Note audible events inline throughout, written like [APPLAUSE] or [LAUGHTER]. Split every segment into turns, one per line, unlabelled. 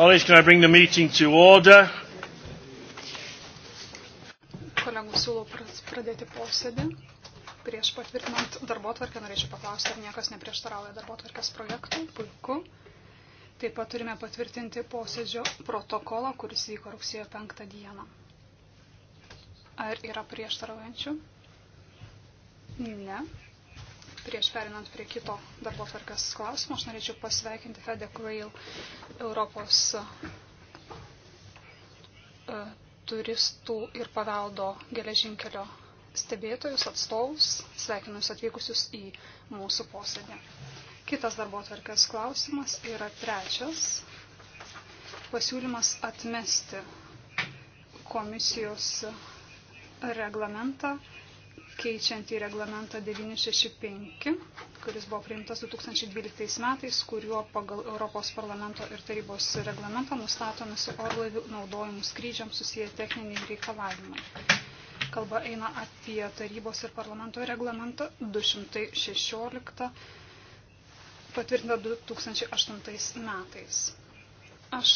Colleagues, can I bring the meeting to order?
Kolegų siūlau pradėti posėdį. Prieš patvirtinant darbo tvarkę norėčiau paklausti, ar niekas neprieštarauja darbo tvarkės projektui. Puiku. Taip pat turime patvirtinti posėdžio protokolą, kuris vyko rugsėjo 5 dieną. Ar yra prieštaraujančių? Ne. Prieš perinant prie kito darbo tvarkas klausimo, aš norėčiau pasveikinti Fedek Rail Europos e, turistų ir paveldo geležinkelio stebėtojus, atstovus, sveikinus atvykusius į mūsų posėdį. Kitas darbo tvarkas klausimas yra trečias pasiūlymas atmesti komisijos reglamentą keičiant į reglamentą 965, kuris buvo priimtas 2012 metais, kuriuo pagal Europos parlamento ir tarybos reglamentą nustatomi su orlaivių naudojimu skrydžiams susiję techniniai reikalavimai. Kalba eina apie tarybos ir parlamento reglamentą 216 patvirtinta 2008 metais. Aš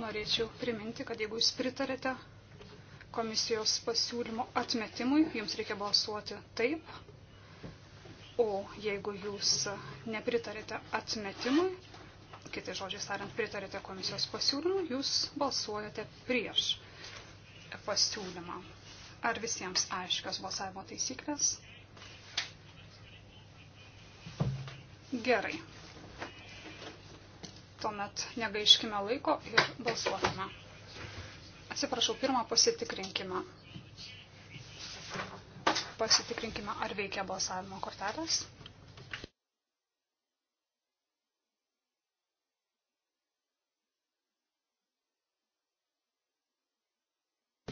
norėčiau priminti, kad jeigu jūs pritarėte komisijos pasiūlymo atmetimui, jums reikia balsuoti taip. O jeigu jūs nepritarite atmetimui, kitai žodžiai tariant, pritarite komisijos pasiūlymui, jūs balsuojate prieš pasiūlymą. Ar visiems aiškios balsavimo taisyklės? Gerai. Tuomet negaiškime laiko ir balsuokime. Atsiprašau, pirmą pasitikrinkimą. Pasitikrinkime, ar veikia balsavimo kortelės.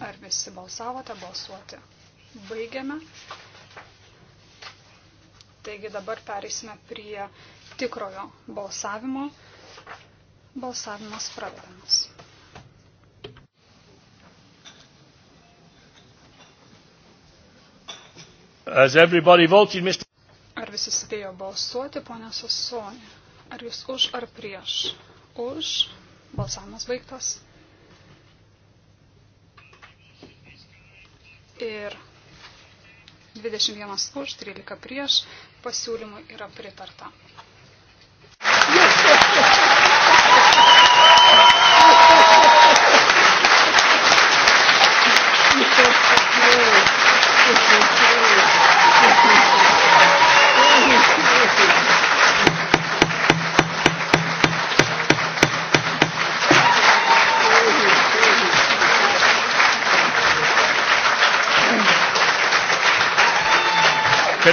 Ar visi balsavote balsuoti? Baigiame. Taigi dabar pereisime prie tikrojo balsavimo. Balsavimas pradedamas.
Voted, Mr...
Ar visi sudėjo balsuoti, ponė Susonė? Ar jūs už ar prieš? Už. Balsavimas baigtas. Ir 21 už, 13 prieš pasiūlymui yra pritarta.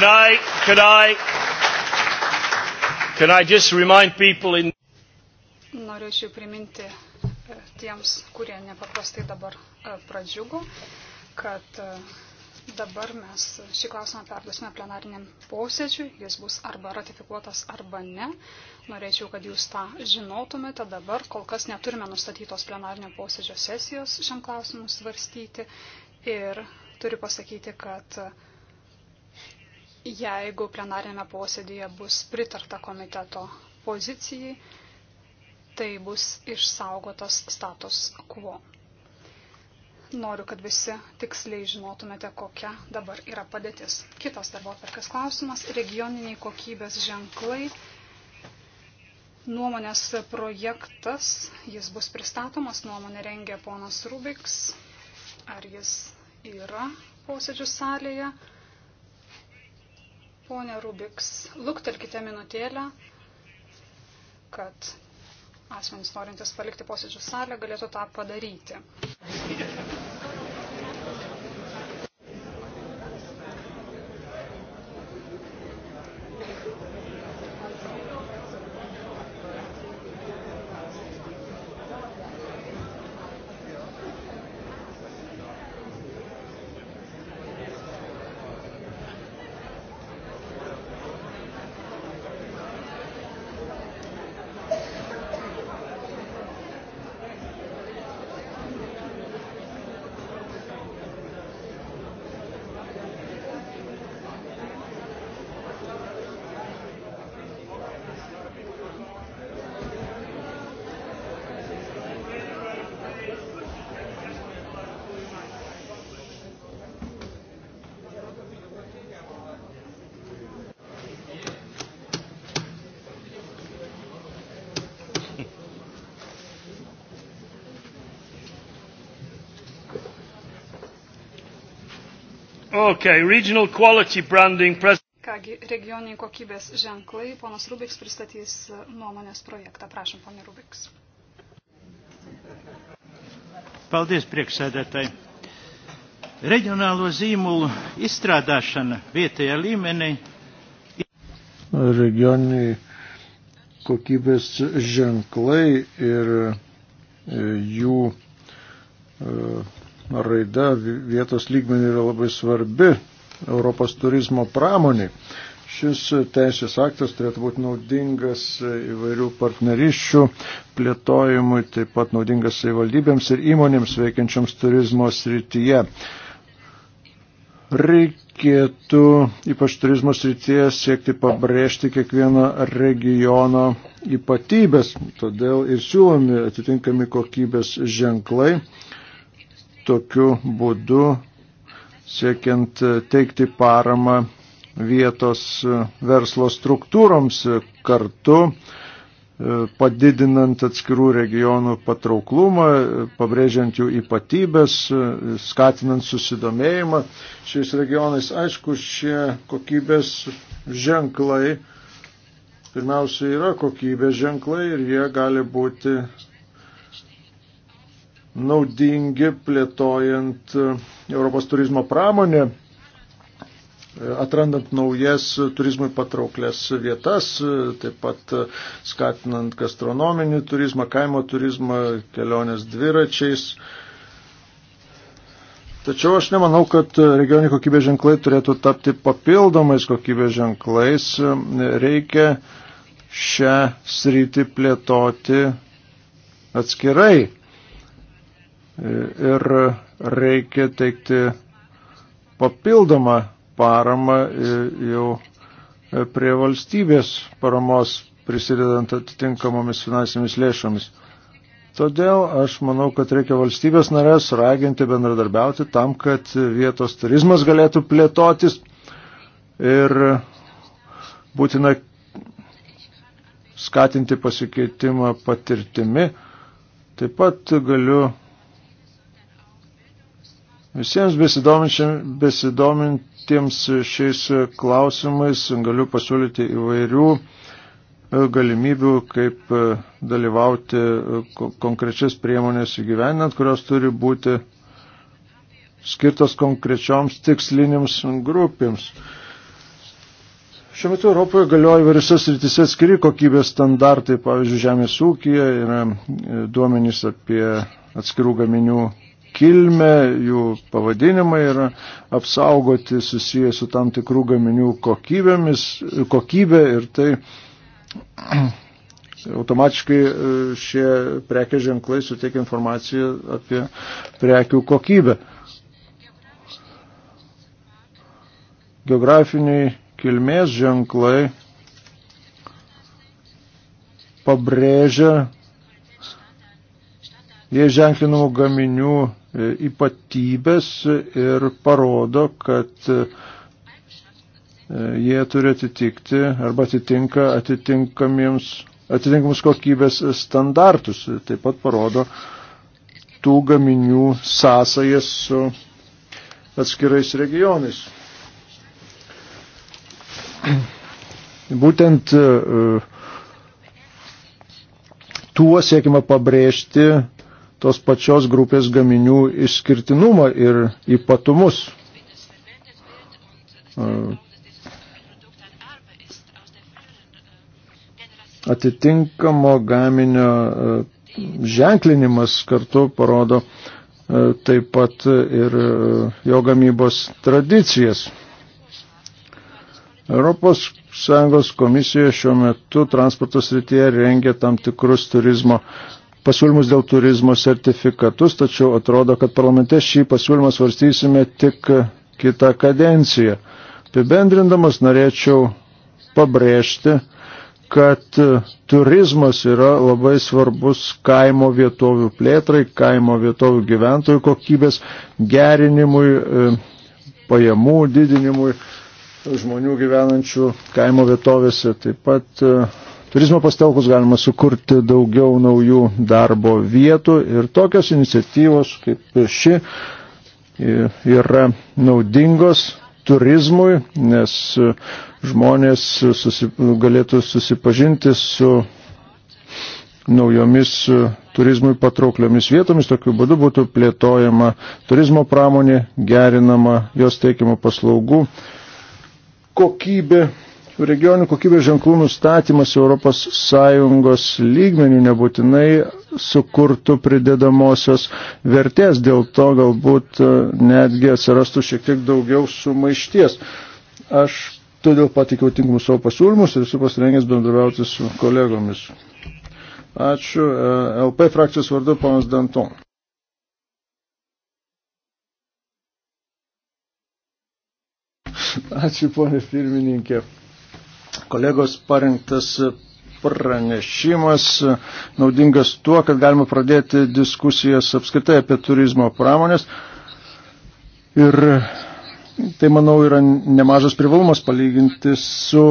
Could I, could I, could I just remind people in.
Norėčiau priminti e, tiems, kurie nepaprastai dabar e, pradžiugo, kad e, dabar mes šį klausimą perduosime plenariniam posėdžiui, jis bus arba ratifikuotas, arba ne. Norėčiau, kad jūs tą žinotumėte dabar, kol kas neturime nustatytos plenarinio posėdžio sesijos šiam klausimui svarstyti ir turiu pasakyti, kad uh, jeigu plenarinėme posėdėje bus pritarta komiteto pozicijai, tai bus išsaugotas status quo. Noriu, kad visi tiksliai žinotumėte, kokia dabar yra padėtis. Kitas darbo atvarkas klausimas - regioniniai kokybės ženklai. Nuomonės projektas, jis bus pristatomas, nuomonė rengia ponas Rubiks. Ar jis yra posėdžių salėje? Pone Rubiks, luktelkite minutėlę, kad asmenys norintis palikti posėdžių salę galėtų tą padaryti.
Okay, regional quality branding.
Kągi, regioniniai kokybės ženklai, ponas Rubiks pristatys nuomonės projektą. Prašom, ponė Rubiks.
Paldies, priekšsēdētāji. Reģionālo zīmolu izstrādāšana
vietējā līmenī.
Reģioniniai kokybės ženklai ir e, jų uh, raida vietos lygmenį yra labai svarbi Europos turizmo pramoniai. Šis teisės aktas turėtų būti naudingas įvairių partneriščių plėtojimui, taip pat naudingas savivaldybėms ir įmonėms veikiančiams turizmo srityje. Reikėtų ypač turizmo srityje siekti pabrėžti kiekvieno regiono ypatybės, todėl ir siūlomi atitinkami kokybės ženklai tokiu būdu siekiant e, teikti paramą vietos e, verslo struktūroms e, kartu, padidinant atskirų regionų patrauklumą, pabrėžiant jų ypatybės, skatinant susidomėjimą šiais regionais. Aišku, šie kokybės ženklai pirmiausia yra kokybės ženklai ir jie gali būti naudingi plėtojant e, Europos turizmo pramonę, e, atrandant naujas turizmui patrauklės vietas, e, taip pat skatinant gastronominį turizmą, kaimo turizmą, kelionės dviračiais. Tačiau aš nemanau, kad regioniai kokybės ženklai turėtų tapti papildomais kokybės ženklais. Reikia šią sritį plėtoti atskirai ir reikia teikti papildomą paramą e, jau e, prie valstybės paramos prisidedant atitinkamomis finansinėmis lėšomis. Todėl aš manau, kad reikia valstybės narės raginti bendradarbiauti tam, kad vietos turizmas galėtų plėtotis ir būtina skatinti pasikeitimą patirtimi. Taip pat galiu Visiems besidomintiems šiais klausimais galiu pasiūlyti įvairių e, galimybių, kaip e, dalyvauti e, konkrečias priemonės įgyvenant, kurios turi būti skirtos konkrečioms tikslinėms grupėms. Šiuo metu Europoje galioja įvairiose srityse atskiri kokybės standartai, pavyzdžiui, žemės ūkija yra duomenys apie atskirų gaminių kilmę, jų pavadinimai yra apsaugoti susiję su tam tikrų gaminių kokybėmis, kokybė ir tai [CLEARS THROAT] automatiškai e, šie prekės ženklai suteikia informaciją apie prekių kokybę. Geografiniai kilmės ženklai pabrėžia jie ženklinamų gaminių e, ypatybės ir parodo, kad e, jie turi atitikti arba atitinka atitinkamus kokybės standartus. Taip pat parodo tų gaminių sąsajas su atskirais regionais. Būtent e, tuo siekima pabrėžti tos pačios grupės gaminių išskirtinumą ir ypatumus. Atitinkamo gaminio ženklinimas kartu parodo taip pat ir jo gamybos tradicijas. Europos Sąjungos komisija šiuo metu transporto srityje rengia tam tikrus turizmo pasiūlymus dėl turizmo sertifikatus, tačiau atrodo, kad parlamente šį pasiūlymą svarstysime tik kitą kadenciją. Apibendrindamas norėčiau pabrėžti, kad turizmas yra labai svarbus kaimo vietovių plėtrai, kaimo vietovių gyventojų kokybės gerinimui, e, pajamų didinimui žmonių gyvenančių kaimo vietovėse. Taip pat e, turizmo pastelkus galima sukurti daugiau naujų darbo vietų ir tokios iniciatyvos kaip ši e, yra naudingos turizmui, nes e, žmonės susi, galėtų susipažinti su naujomis e, turizmui patraukliomis vietomis. Tokiu būdu būtų plėtojama turizmo pramonė, gerinama jos teikiamų paslaugų kokybė Regionių kokybės ženklų nustatymas ES lygmenių nebūtinai sukurtų pridedamosios vertės, dėl to galbūt e, netgi atsirastų šiek tiek daugiau sumaišties. Aš todėl patikiau tinkamus savo pasiūlymus ir esu pasirengęs bendrauti su kolegomis. Ačiū. E, LP frakcijos vardu panas Danton. Ačiū, ponė pirmininkė kolegos parengtas pranešimas naudingas tuo, kad galima pradėti diskusijas apskritai apie turizmo pramonės. Ir tai, manau, yra nemažas privalumas palyginti su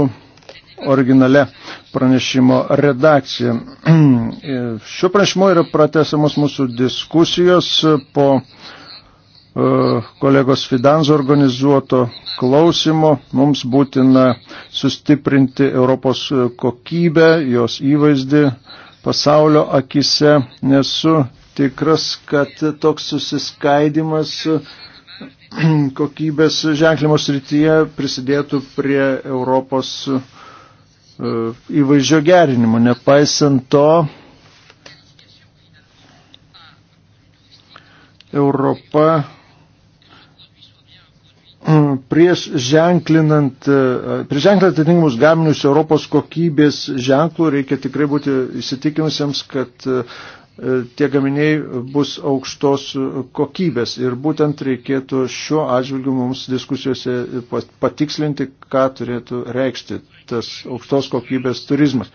originale pranešimo redakcija. [CLEARS THROAT] Šiuo pranešimu yra pratesamos mūsų diskusijos po E, kolegos Fidanzo organizuoto klausimo. Mums būtina sustiprinti Europos kokybę, jos įvaizdį pasaulio akise. Nesu tikras, kad toks susiskaidimas kokybės ženklimo srityje prisidėtų prie Europos e, įvaizdžio gerinimo. Nepaisant to, Europa Mm, prieš ženklinant, e, prieš ženklinant atitinkamus gaminius Europos kokybės ženklų reikia tikrai būti įsitikinusiems, kad e, e, tie gaminiai bus aukštos kokybės. Ir būtent reikėtų šiuo atžvilgiu mums diskusijose patikslinti, ką turėtų reikšti tas aukštos kokybės turizmas.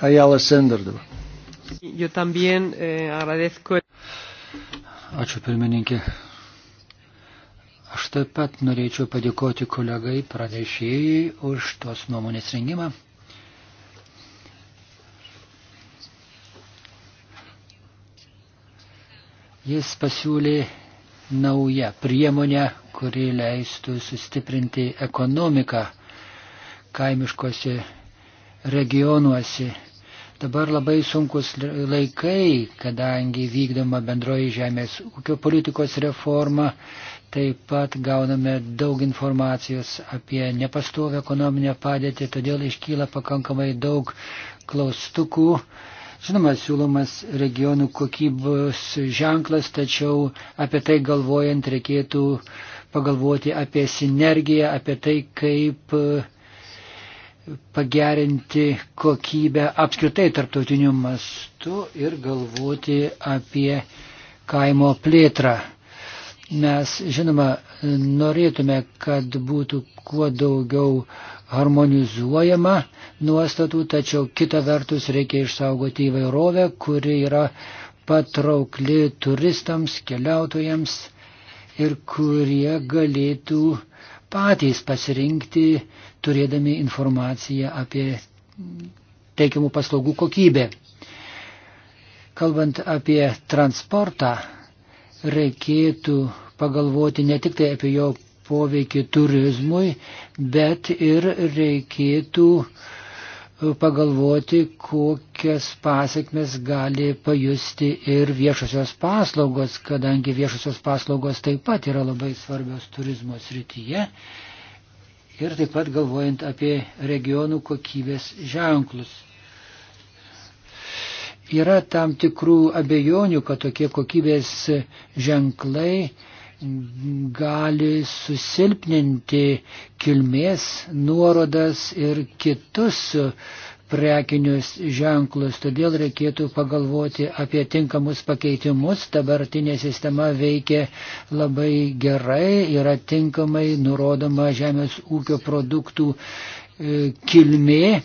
Ajala Sender dabar.
Eh,
Ačiū pirmininkė. Aš taip pat norėčiau padėkoti kolegai pranešėjai už tos nuomonės rengimą. Jis pasiūlė naują priemonę, kuri leistų sustiprinti ekonomiką kaimiškose regionuose. Dabar labai sunkus laikai, kadangi vykdoma bendroji žemės ūkio politikos reforma, Taip pat gauname daug informacijos apie nepastovę ekonominę padėtį, todėl iškyla pakankamai daug klaustukų. Žinoma, siūlomas regionų kokybos ženklas, tačiau apie tai galvojant reikėtų pagalvoti apie sinergiją, apie tai, kaip e, pagerinti kokybę apskritai tarptautiniu mastu ir galvoti apie kaimo plėtrą. Mes, žinoma, norėtume, kad būtų kuo daugiau harmonizuojama nuostatų, tačiau kita vertus reikia išsaugoti įvairovę, kuri yra patraukli turistams, keliautojams ir kurie galėtų patys pasirinkti, turėdami informaciją apie teikiamų paslaugų kokybę. Kalbant apie transportą, reikėtų pagalvoti ne tik tai apie jo poveikį turizmui, bet ir reikėtų e, pagalvoti, kokias pasiekmes gali pajusti ir viešosios paslaugos, kadangi viešosios paslaugos taip pat yra labai svarbios turizmo srityje. Ir taip pat galvojant apie regionų kokybės ženklus. Yra tam tikrų abejonių, kad tokie kokybės ženklai gali susilpninti kilmės nuorodas ir kitus prekinius ženklus, todėl reikėtų pagalvoti apie tinkamus pakeitimus. Dabartinė sistema veikia labai gerai, yra tinkamai nurodoma žemės ūkio produktų e, kilmė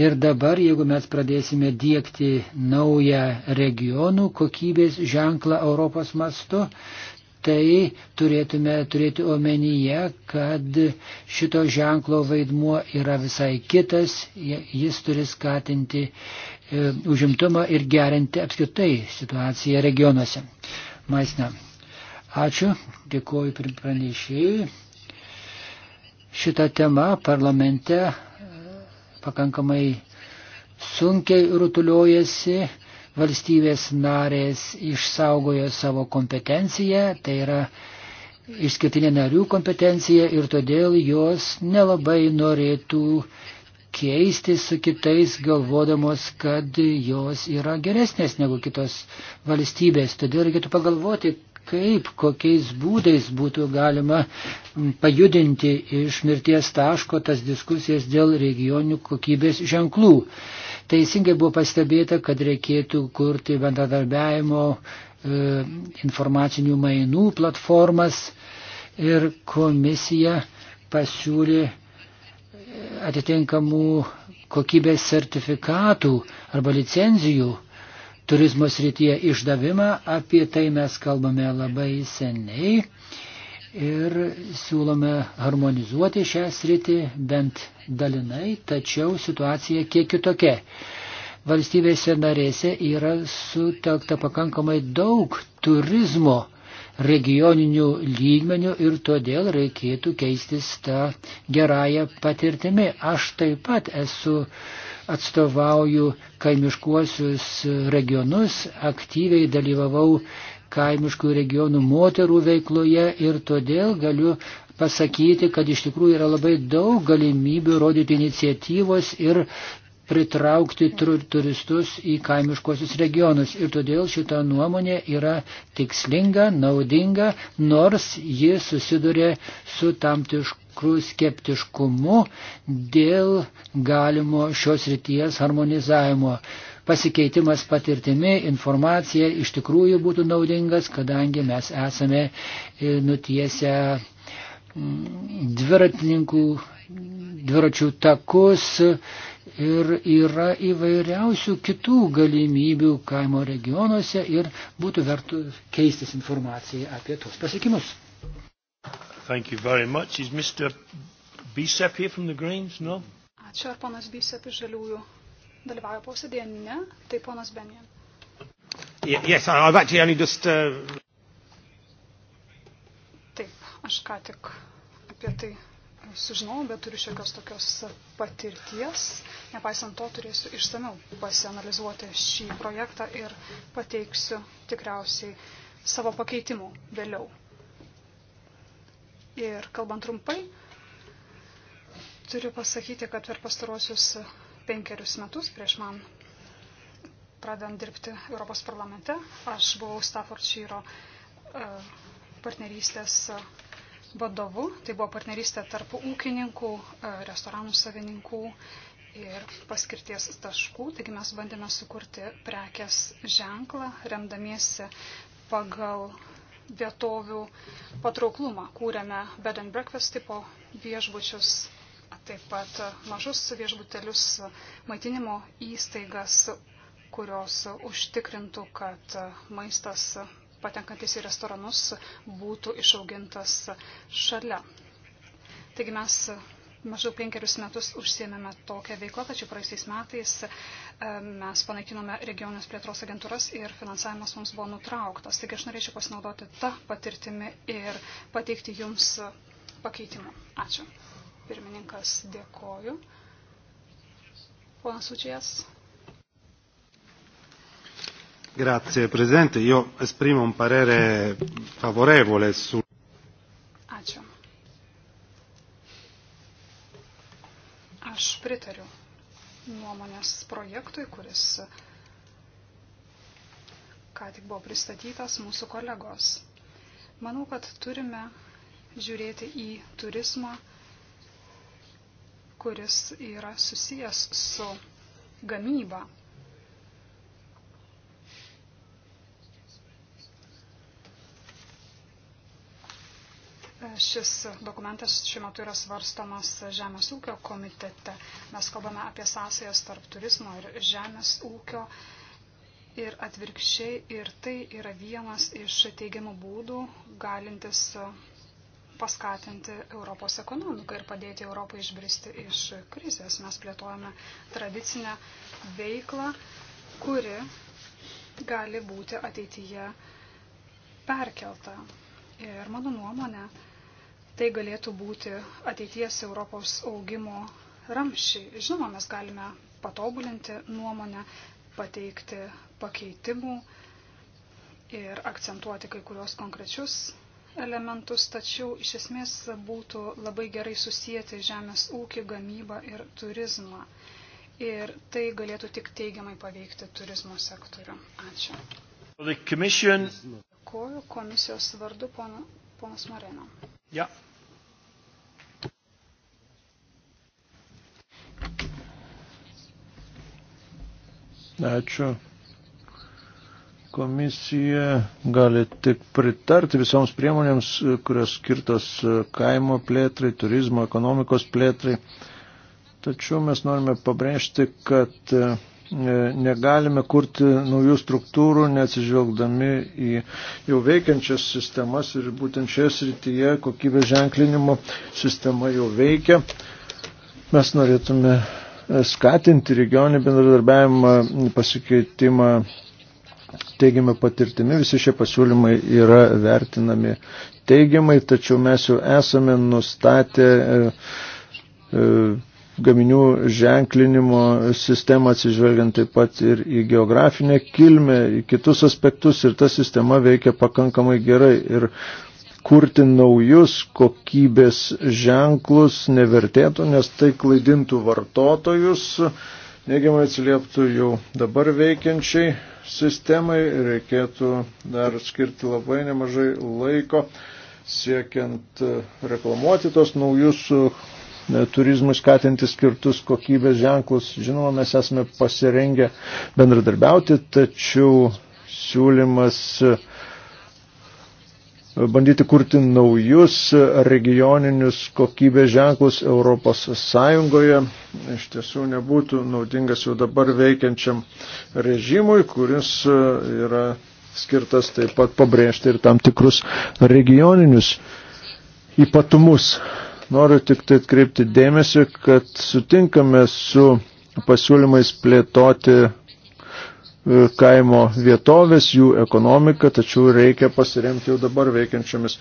Ir dabar, jeigu mes pradėsime dėkti naują regionų kokybės ženklą Europos mastu, tai turėtume turėti omenyje, kad šito ženklo vaidmuo yra visai kitas, jis turi skatinti e, užimtumą ir gerinti apskritai situaciją regionuose. Maisna. Ačiū, dėkuoju pranešėjui. Šita tema parlamente pakankamai sunkiai rutuliojasi, valstybės narės išsaugojo savo kompetenciją, tai yra išskirtinė narių kompetencija ir todėl jos nelabai norėtų keisti su kitais, galvodamos, kad jos yra geresnės negu kitos valstybės. Todėl reikėtų pagalvoti, kaip, kokiais būdais būtų galima pajudinti iš mirties taško tas diskusijas dėl regionių kokybės ženklų. Teisingai buvo pastebėta, kad reikėtų kurti bendradarbiavimo e, informacinių mainų platformas ir komisija pasiūlė e, atitinkamų kokybės sertifikatų arba licenzijų turizmo srityje išdavimą, apie tai mes kalbame labai seniai ir siūlome harmonizuoti šią sritį bent dalinai, tačiau situacija kiek kitokia. Valstybėse narėse yra sutelkta pakankamai daug turizmo regioninių lygmenių ir todėl reikėtų keistis tą gerąją patirtimį. Aš taip pat esu uh, atstovauju kaimiškuosius regionus, aktyviai dalyvavau kaimiškų regionų moterų veikloje ir todėl galiu pasakyti, kad iš tikrųjų yra labai daug galimybių rodyti iniciatyvos ir pritraukti turistus į kaimiškosius regionus. Ir todėl šita nuomonė yra tikslinga, naudinga, nors ji susiduria su tam tikrų skeptiškumu dėl galimo šios ryties harmonizavimo. Pasikeitimas patirtimi, informacija iš tikrųjų būtų naudingas, kadangi mes esame e, nutiesę mm, dviratininkų, dviračių takus, ir yra įvairiausių kitų galimybių kaimo regionuose ir būtų vertų keistis informaciją apie tos pasiekimus.
Thank you very much. Is Mr. Bisep here from the Greens?
No?
Ačiū, ar ponas Bisep iš Žaliųjų dalyvauja posėdėje? Ne, tai ponas Benjan.
Yes, I've actually only just... Uh...
Taip, aš ką tik apie tai sužinojau, bet turiu šiokios tokios patirties. Nepaisant to, turėsiu išsameu pasianalizuoti šį projektą ir pateiksiu tikriausiai savo pakeitimų vėliau. Ir kalbant trumpai, turiu pasakyti, kad per pastaruosius penkerius metus prieš man pradedant dirbti Europos parlamente, aš buvau Staffordshire partnerystės vadovu. Tai buvo partnerystė tarp ūkininkų, e, restoranų savininkų ir paskirties taškų. Taigi mes bandėme sukurti prekės ženklą, remdamiesi pagal vietovių patrauklumą. Kūrėme bed and breakfast tipo viešbučius, taip pat mažus viešbutelius, maitinimo įstaigas, kurios užtikrintų, kad maistas patenkantis į restoranus būtų išaugintas šalia. Taigi mes maždaug penkerius metus užsiemėme tokią veiklą, tačiau praeisiais metais e, mes panaikinome regioninės plėtros agentūras ir finansavimas mums buvo nutrauktas. Taigi aš norėčiau pasinaudoti tą patirtimį ir pateikti jums pakeitimų. Ačiū. Pirmininkas, dėkoju. Ponas Učijas.
Grazie Presidente, io esprimo un parere favorevole su.
Ačiū. Aš pritariu nuomonės projektui, kuris ką tik buvo pristatytas mūsų kolegos. Manau, kad turime žiūrėti į turizmą, kuris yra susijęs su gamyba Šis dokumentas šiuo metu yra svarstamas Žemės ūkio komitete. Mes kalbame apie sąsajas tarp turizmo ir Žemės ūkio ir atvirkščiai. Ir tai yra vienas iš teigiamų būdų galintis paskatinti Europos ekonomiką ir padėti Europai išbristi iš krizės. Mes plėtojame tradicinę veiklą, kuri gali būti ateityje perkelta. Ir mano nuomonė, tai galėtų būti ateities Europos augimo ramščiai. Žinoma, mes galime patobulinti nuomonę, pateikti pakeitimų ir akcentuoti kai kurios konkrečius elementus, tačiau iš esmės būtų labai gerai susijęti žemės ūkį, gamybą ir turizmą. Ir tai galėtų tik teigiamai paveikti turizmo sektorių. Ačiū.
Dėkuoju
komisijos vardu, ponas Moreno.
Ja.
Ačiū. Komisija gali tik pritarti visoms priemonėms, kurios skirtos kaimo plėtrai, turizmo, ekonomikos plėtrai. Tačiau mes norime pabrėžti, kad E, negalime kurti naujų struktūrų, neatsižvelgdami į jau veikiančias sistemas ir būtent šioje srityje kokybės ženklinimo sistema jau veikia. Mes norėtume e, skatinti regionį bendradarbiavimą, pasikeitimą teigiamą patirtimi. Visi šie pasiūlymai yra vertinami teigiamai, tačiau mes jau esame nustatę e, e, gaminių ženklinimo sistemą atsižvelgiant taip pat ir į geografinę kilmę, į kitus aspektus ir ta sistema veikia pakankamai gerai. Ir kurti naujus kokybės ženklus nevertėtų, nes tai klaidintų vartotojus, neigiamai atsilieptų jau dabar veikiančiai sistemai, reikėtų dar skirti labai nemažai laiko siekiant reklamuoti tos naujus E, turizmui skatinti skirtus kokybės ženklus. Žinoma, mes esame pasirengę bendradarbiauti, tačiau siūlymas e, bandyti kurti naujus regioninius kokybės ženklus Europos Sąjungoje iš tiesų nebūtų naudingas jau dabar veikiančiam režimui, kuris e, yra skirtas taip pat pabrėžti ir tam tikrus regioninius ypatumus. Noriu tik tai atkreipti dėmesį, kad sutinkame su pasiūlymais plėtoti e, kaimo vietovės, jų ekonomiką, tačiau reikia pasiremti jau dabar veikiančiamis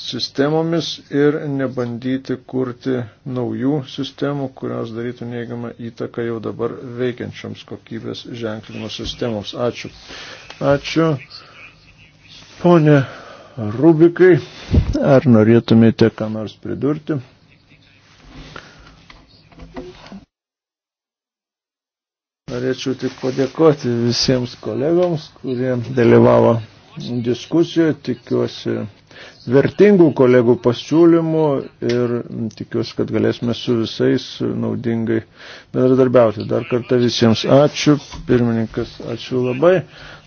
sistemomis ir nebandyti kurti naujų sistemų, kurios darytų neigiamą įtaką jau dabar veikiančioms kokybės ženklinimo sistemoms. Ačiū. Ačiū. Pone Rubikai, ar norėtumėte ką nors pridurti? Norėčiau tik padėkoti visiems kolegoms, kurie dalyvavo diskusijoje. Tikiuosi, vertingų kolegų pasiūlymų ir tikiuosi, kad galėsime su visais naudingai bendradarbiauti. Dar kartą visiems ačiū, pirmininkas, ačiū labai.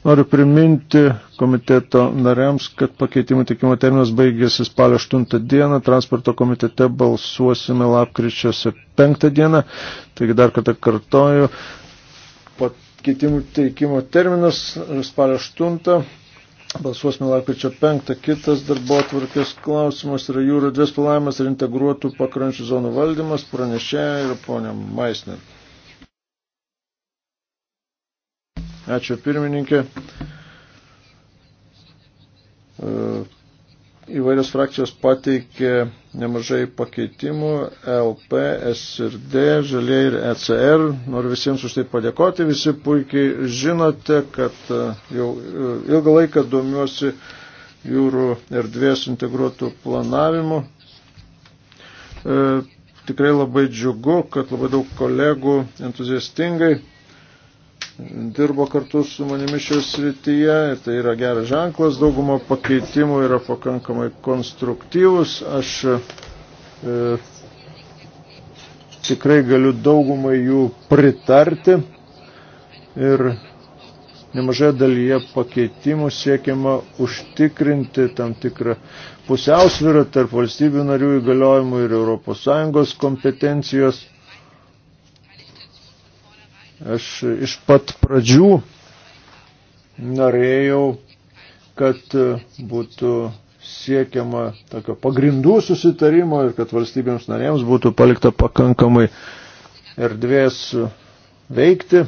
Noriu priminti komiteto nariams, kad pakeitimų tikimo terminas baigėsi spalio 8 dieną, transporto komitete balsuosime lapkričio 5 dieną, taigi dar kartą kartoju, pakeitimų teikimo terminas spalio 8. Balsuosime lapkričio 5. Kitas darbo atvarkės klausimas yra jūrų dvies planavimas ir integruotų pakrančių zonų valdymas, pranešė ir ponia Maisner. Ačiū pirmininkė. E, įvairios frakcijos pateikė nemažai pakeitimų LP, SRD, Žalė ir ECR. E Noriu visiems už tai padėkoti. Visi puikiai žinote, kad e, jau e, ilgą laiką domiuosi jūrų erdvės integruotų planavimų. E, tikrai labai džiugu, kad labai daug kolegų entuziastingai dirbo kartu su manimi šios srityje ir tai yra geras ženklas, daugumo pakeitimų yra pakankamai konstruktyvus. Aš e, tikrai galiu daugumai jų pritarti ir nemažai dalyje pakeitimų siekiama užtikrinti tam tikrą pusiausvyrą tarp valstybių narių įgaliojimų ir ES kompetencijos Aš iš pat pradžių norėjau, kad būtų siekiama tokio pagrindų susitarimo ir kad valstybėms narėms būtų palikta pakankamai erdvės veikti.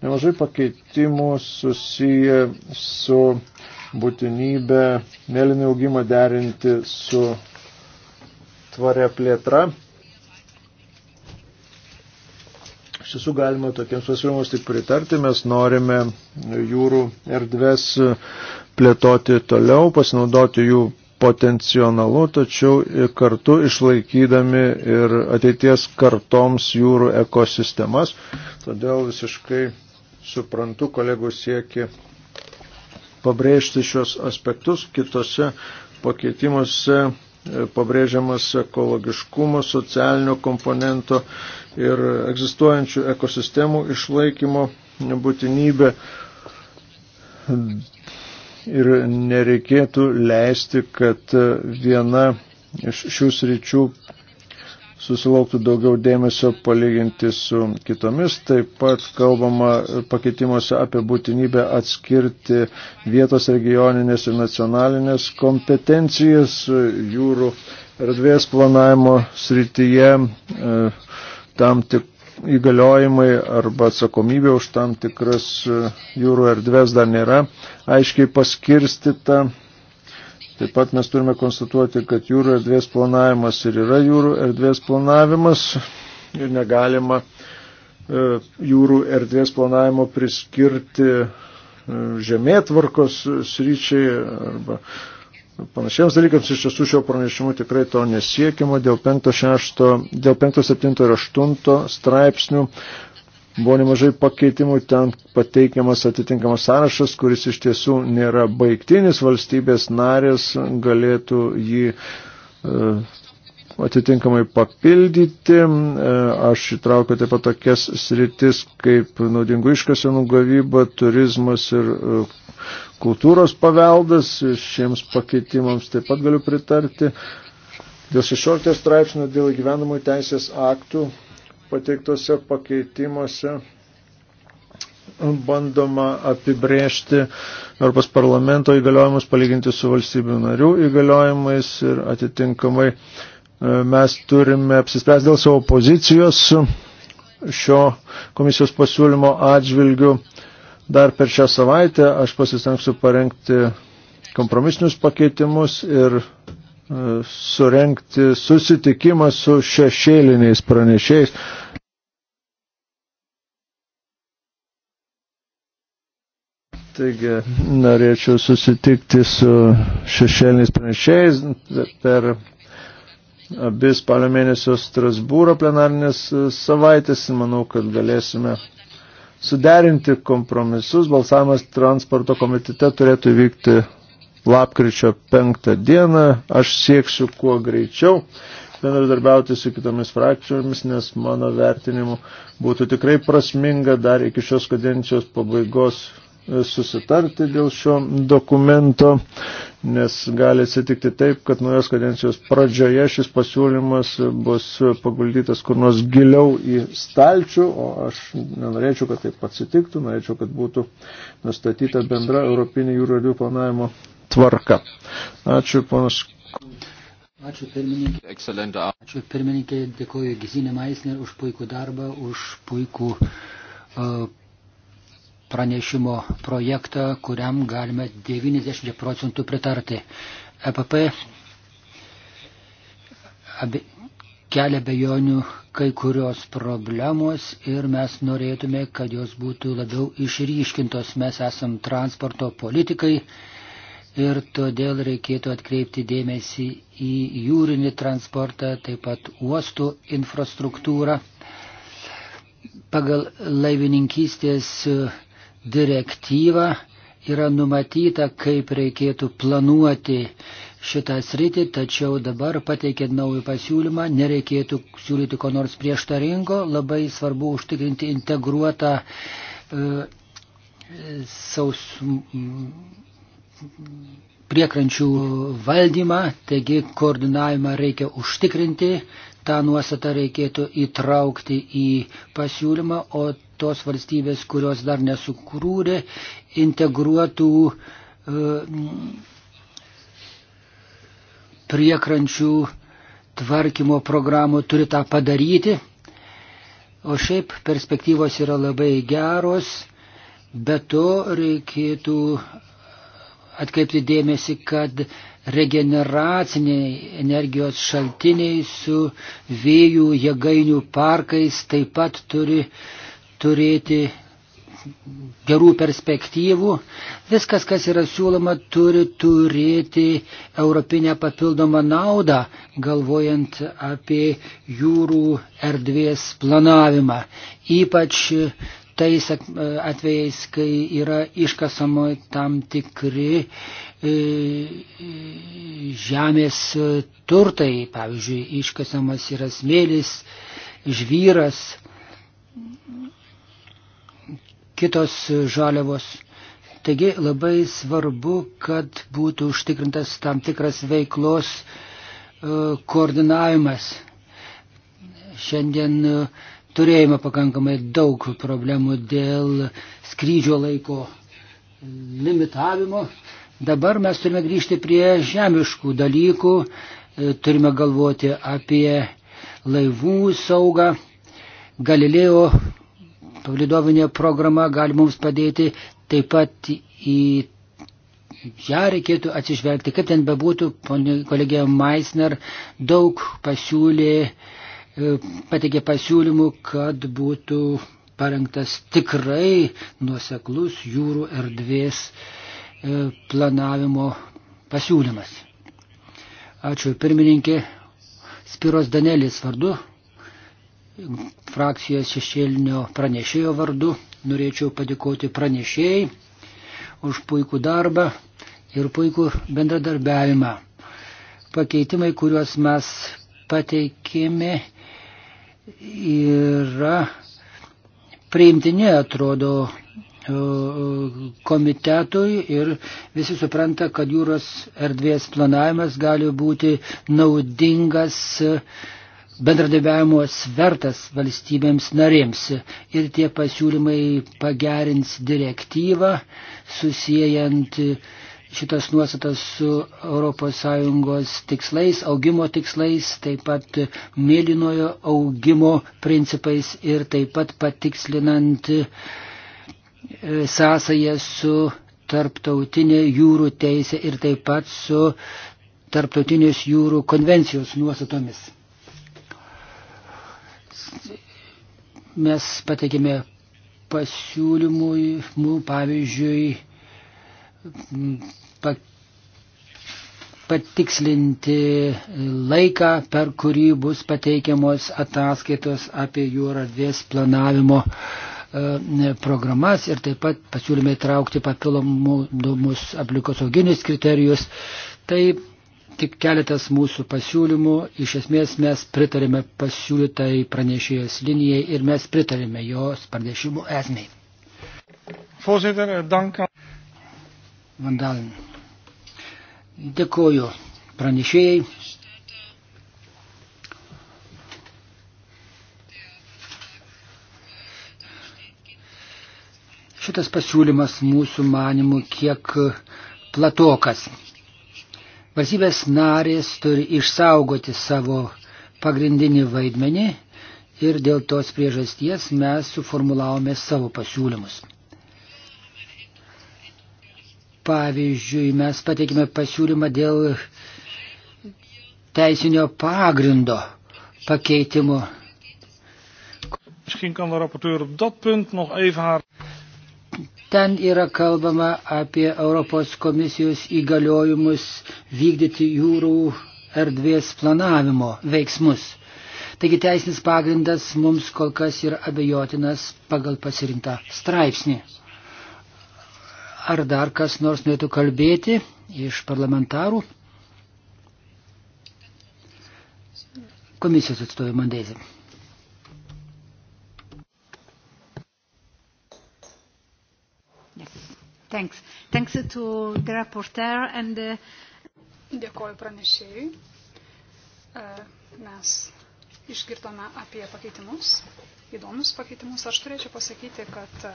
Nemažai pakeitimų susiję su būtinybė mėlynį augimą derinti su tvaria plėtra. Iš tiesų galima tokiems pasiūlymams tik pritarti, mes norime jūrų erdves plėtoti toliau, pasinaudoti jų potencionalu, tačiau kartu išlaikydami ir ateities kartoms jūrų ekosistemas. Todėl visiškai suprantu kolegų sieki pabrėžti šios aspektus. Kitose pakeitimuose pabrėžiamas ekologiškumo, socialinio komponento ir egzistuojančių ekosistemų išlaikymo būtinybė ir nereikėtų leisti, kad viena iš šių sričių susilauktų daugiau dėmesio palyginti su kitomis. Taip pat kalbama pakeitimuose apie būtinybę atskirti vietos regioninės ir nacionalinės kompetencijas jūrų erdvės planavimo srityje. E, tam tik įgaliojimai arba atsakomybė už tam tikras e, jūrų erdvės dar nėra aiškiai paskirstita. Taip pat mes turime konstatuoti, kad jūrų erdvės planavimas ir yra jūrų erdvės planavimas ir negalima e, jūrų erdvės planavimo priskirti e, žemėtvarkos sryčiai arba uh, Panašiems dalykams iš tiesų šio pranešimu tikrai to nesiekimo. Dėl 5, 6, dėl 5, 7 ir 8 straipsnių buvo nemažai pakeitimų. Ten pateikiamas atitinkamas sąrašas, kuris iš tiesų nėra baigtinis. Valstybės narės galėtų jį e, atitinkamai papildyti. E, aš įtraukiu taip pat tokias sritis kaip naudingų iškasenų gavyba, turizmas ir e, kultūros paveldas, šiems pakeitimams taip pat galiu pritarti. Dėl 16 straipsnio dėl gyvenamų teisės aktų pateiktose pakeitimuose bandoma apibrėžti Europos parlamento įgaliojimus palyginti su valstybių narių įgaliojimais ir atitinkamai e, mes turime apsispręsti dėl savo pozicijos šio komisijos pasiūlymo atžvilgių Dar per šią savaitę aš pasistengsiu parengti kompromisinius pakeitimus ir e, surenkti susitikimą su šešėliniais pranešėjais. Taigi norėčiau susitikti su šešėliniais pranešėjais per abi spalio mėnesio Strasbūro plenarinės savaitės. Manau, kad galėsime suderinti kompromisus. Balsavimas transporto komitete turėtų vykti lapkričio penktą dieną. Aš sieksiu kuo greičiau bendradarbiauti su kitomis frakcijomis, nes mano vertinimu būtų tikrai prasminga dar iki šios kadencijos pabaigos e, susitarti dėl šio dokumento nes gali atsitikti taip, kad naujos kadencijos pradžioje šis pasiūlymas bus paguldytas kur nors giliau į stalčių, o aš nenorėčiau, kad taip atsitiktų, norėčiau, kad būtų nustatyta bendra Europinė jūrų erdvių planavimo tvarka. Ačiū, ponas.
Ačiū pirmininkė. Ačiū pirmininkė, dėkoju Gizinė Maisner už puikų darbą, už puikų uh, pranešimo projektą, kuriam galime 90 procentų pritarti. EPP abi, kelia bejonių kai kurios problemos ir mes norėtume, kad jos būtų labiau išryškintos. Mes esam transporto politikai ir todėl reikėtų atkreipti dėmesį į jūrinį transportą, taip pat uostų infrastruktūrą. Pagal laivininkystės direktyvą yra numatyta, kaip reikėtų planuoti šitą sritį, tačiau dabar pateikėt naują pasiūlymą, nereikėtų siūlyti ko nors prieštaringo, labai svarbu užtikrinti integruotą e, saus priekrančių valdymą, taigi koordinavimą reikia užtikrinti, tą nuostatą reikėtų įtraukti į pasiūlymą, o tos valstybės, kurios dar nesukūrė integruotų e, priekrančių tvarkymo programų turi tą padaryti. O šiaip perspektyvos yra labai geros, bet to reikėtų atkreipti dėmesį, kad regeneraciniai energijos šaltiniai su vėjų jėgainių parkais taip pat turi turėti gerų perspektyvų. Viskas, kas yra siūloma, turi turėti europinę papildomą naudą, galvojant apie jūrų erdvės planavimą. Ypač tais atvejais, kai yra iškasamo tam tikri e, žemės turtai, pavyzdžiui, iškasamas yra smėlis, žvyras, kitos žaliavos. Taigi labai svarbu, kad būtų užtikrintas tam tikras veiklos e, koordinavimas. Šiandien e, turėjome pakankamai daug problemų dėl skrydžio laiko limitavimo. Dabar mes turime grįžti prie žemiškų dalykų, e, turime galvoti apie laivų saugą. Galilėjo Pavlidovinė programa gali mums padėti, taip pat į ją reikėtų atsižvelgti. Kaip ten bebūtų, kolegė Meisner daug pasiūlė, e, pateikė pasiūlymų, kad būtų parengtas tikrai nuoseklus jūrų erdvės e, planavimo pasiūlymas. Ačiū pirmininkė Spiros Danelis vardu frakcijos šešėlinio pranešėjo vardu norėčiau padėkoti pranešėjai už puikų darbą ir puikų bendradarbiavimą. Pakeitimai, kuriuos mes pateikėme, yra priimtini, atrodo, komitetui ir visi supranta, kad jūros erdvės planavimas gali būti naudingas bendradarbiavimo svertas valstybėms narėms. Ir tie pasiūlymai pagerins direktyvą, susijęjant šitas nuostatas su ES tikslais, augimo tikslais, taip pat mėlynojo augimo principais ir taip pat patikslinant e, sąsają su tarptautinė jūrų teisė ir taip pat su tarptautinės jūrų konvencijos nuostatomis mes pateikėme pasiūlymui, mū, pavyzdžiui, pa, patikslinti laiką, per kurį bus pateikiamos ataskaitos apie jūrą dvies planavimo e, programas ir taip pat pasiūlymai traukti papildomus aplikosauginius kriterijus. Tai tik keletas mūsų pasiūlymų. Iš esmės mes pritarėme pasiūlytai pranešėjos linijai ir mes pritarėme jos pranešimų esmei. Voorzitter, dank aan. Vandalen. Dėkoju pranešėjai. Šitas pasiūlymas mūsų manimų kiek platokas. Valstybės narės turi išsaugoti savo pagrindinį vaidmenį ir dėl tos priežasties mes suformulavome savo pasiūlymus. Pavyzdžiui, mes pateikime pasiūlymą dėl teisinio pagrindo pakeitimo. Misschien kan de rapporteur op dat punt nog even haar. Ten yra kalbama apie Europos komisijos įgaliojimus vykdyti jūrų erdvės planavimo veiksmus. Taigi teisinis pagrindas mums kol kas yra abejotinas pagal pasirinktą straipsnį. Ar dar kas nors norėtų kalbėti iš parlamentarų? Komisijos atstovė Mandezė.
Thanks. Thanks to the rapporteur and the... Dėkoju pranešėjui. E, mes išgirdome apie pakeitimus, įdomius pakeitimus. Aš turėčiau pasakyti, kad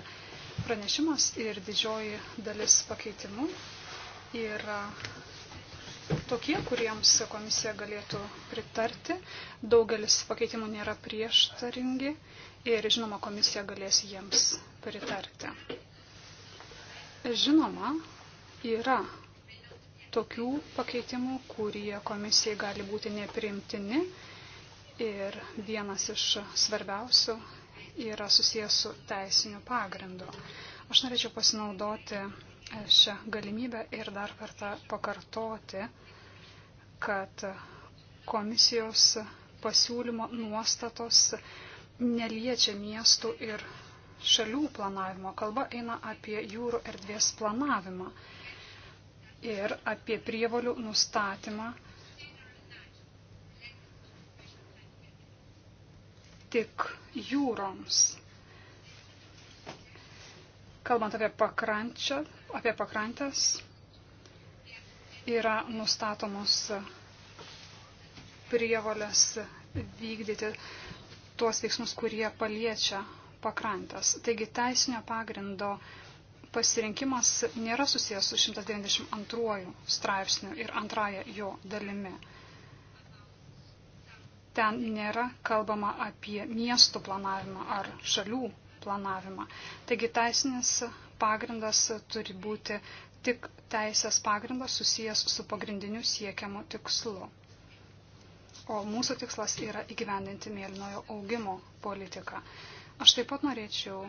pranešimas ir didžioji dalis pakeitimų yra tokie, kuriems komisija galėtų pritarti. Daugelis pakeitimų nėra prieštaringi ir, žinoma, komisija galės jiems pritarti. Žinoma, yra tokių pakeitimų, kurie komisijai gali būti nepriimtini ir vienas iš svarbiausių yra susijęs su teisiniu pagrindu. Aš norėčiau pasinaudoti šią galimybę ir dar kartą pakartoti, kad komisijos pasiūlymo nuostatos neliečia miestų ir šalių planavimo. Kalba eina apie jūrų erdvės planavimą ir apie prievalių nustatymą tik jūroms. Kalbant apie pakrančią, apie pakrantės, yra nustatomos prievalės vykdyti tuos veiksmus, kurie paliečia pakrantės. Taigi teisinio pagrindo pasirinkimas nėra susijęs su 192 straipsniu ir antraja jo dalimi. Ten nėra kalbama apie miestų planavimą ar šalių planavimą. Taigi teisinis pagrindas turi būti tik teisės pagrindas susijęs su pagrindiniu siekiamu tikslu. O mūsų tikslas yra įgyvendinti mėlynojo augimo politiką. Aš taip pat norėčiau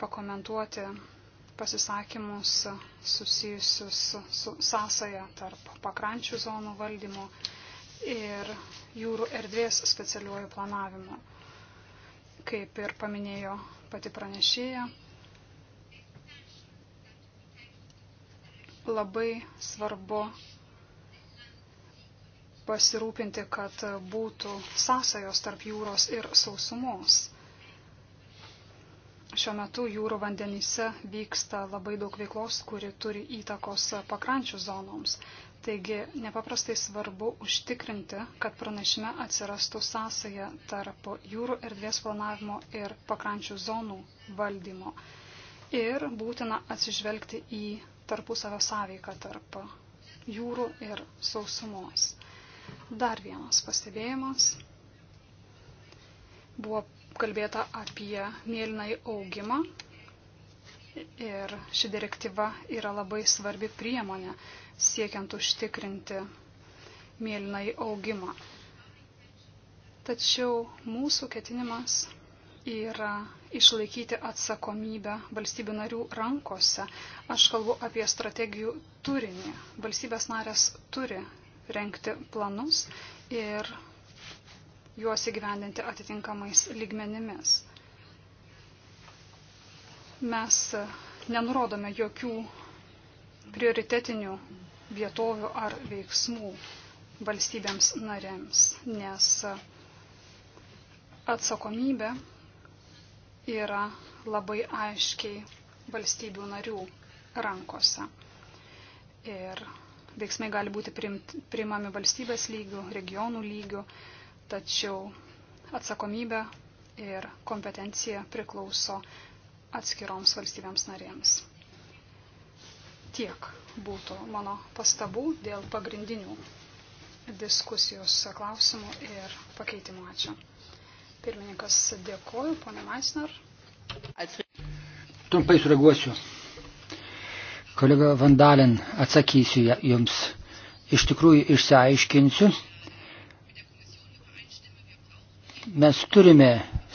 pakomentuoti pasisakymus susijusius su sąsaja tarp pakrančių zonų valdymo ir jūrų erdvės specialiuoju planavimu. Kaip ir paminėjo pati pranešėja, labai svarbu pasirūpinti, kad būtų sąsajos tarp jūros ir sausumos. Šiuo metu jūrų vandenyse vyksta labai daug veiklos, kuri turi įtakos pakrančių zonoms. Taigi nepaprastai svarbu užtikrinti, kad pranešime atsirastų sąsaja tarp jūrų erdvės planavimo ir pakrančių zonų valdymo. Ir būtina atsižvelgti į tarpusavio sąveiką tarp jūrų ir sausumos. Dar vienas pastebėjimas. Buvo kalbėta apie mėlynai augimą ir ši direktyva yra labai svarbi priemonė siekiant užtikrinti mėlynai augimą. Tačiau mūsų ketinimas yra išlaikyti atsakomybę valstybių narių rankose. Aš kalbu apie strategijų turinį. Valstybės narės turi renkti planus ir juos įgyvendinti atitinkamais lygmenimis. Mes e, nenurodome jokių prioritetinių vietovių ar veiksmų valstybėms narėms, nes e, atsakomybė yra labai aiškiai valstybių narių rankose. Ir veiksmai gali būti priimami valstybės lygių, regionų lygių, tačiau atsakomybė ir kompetencija priklauso atskiroms valstybėms narėms. Tiek būtų mano pastabų dėl pagrindinių diskusijos klausimų ir pakeitimų. Ačiū. Pirmininkas dėkoju, ponė Maisner.
Trumpai sureaguosiu Kolega Vandalin, atsakysiu jums. Iš tikrųjų išsiaiškinsiu. Mes turime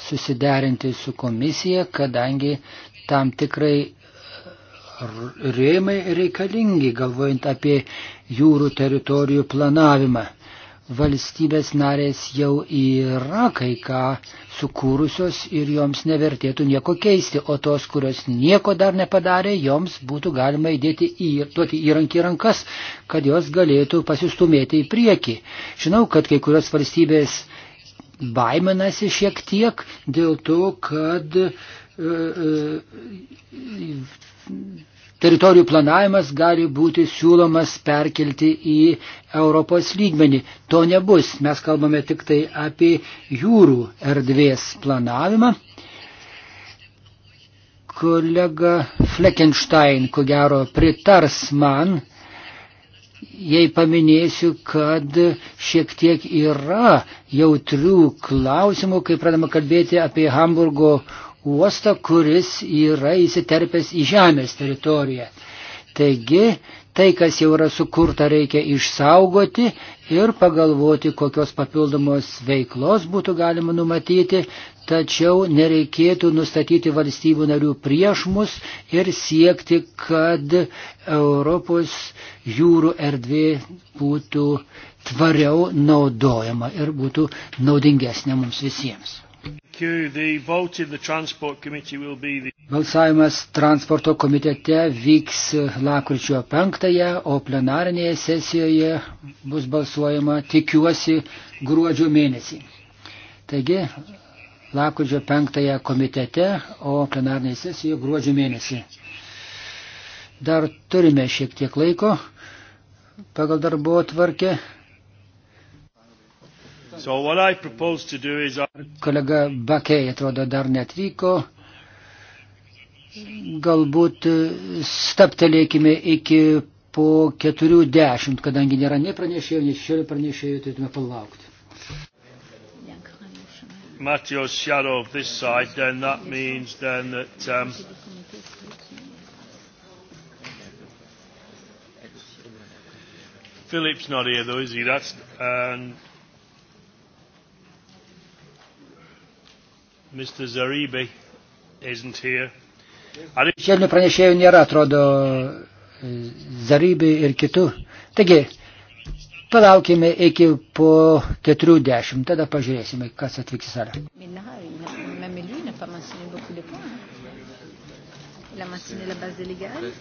susiderinti su komisija, kadangi tam tikrai rėmai reikalingi, galvojant apie jūrų teritorijų planavimą valstybės narės jau yra kai ką sukūrusios ir joms nevertėtų nieko keisti, o tos, kurios nieko dar nepadarė, joms būtų galima įdėti į tokį įrankį rankas, kad jos galėtų pasistumėti į priekį. Žinau, kad kai kurios valstybės baiminasi šiek tiek dėl to, kad e, e, teritorijų planavimas gali būti siūlomas perkelti į Europos lygmenį. To nebus. Mes kalbame tik tai apie jūrų erdvės planavimą. Kolega Fleckenstein, ko gero, pritars man, jei paminėsiu, kad šiek tiek yra jautrių klausimų, kai pradama kalbėti apie Hamburgo uostą, kuris yra įsiterpęs į žemės teritoriją. Taigi, tai, kas jau yra sukurta, reikia išsaugoti ir pagalvoti, kokios papildomos veiklos būtų galima numatyti, tačiau nereikėtų nustatyti valstybių narių prieš mus ir siekti, kad Europos jūrų erdvė būtų tvariau naudojama ir būtų naudingesnė mums visiems. Balsavimas transporto komitete vyks lakryčio 5-ąją, o plenarinėje sesijoje bus balsuojama, tikiuosi, gruodžio mėnesį. Taigi, lakryčio 5-ąją komitete, o plenarinėje sesijoje gruodžio mėnesį. Dar turime šiek tiek laiko pagal darbo tvarkę.
So what I propose to do is...
Kolega Bakei atrodo dar netvyko. Galbūt e, staptelėkime iki po 40, kadangi nėra nei pranešėjų, nei šešėlių pranešėjų, turėtume palaukti.
Matteo's shadow of this side, then that means then that um, Philip's not here though, is he? That's and um, Šešėlinių
pranešėjų nėra, atrodo, Zarybi ir kitų. Taigi, palaukime iki po 40, tada pažiūrėsime, kas atvyks į salę.
La machine est la base légale.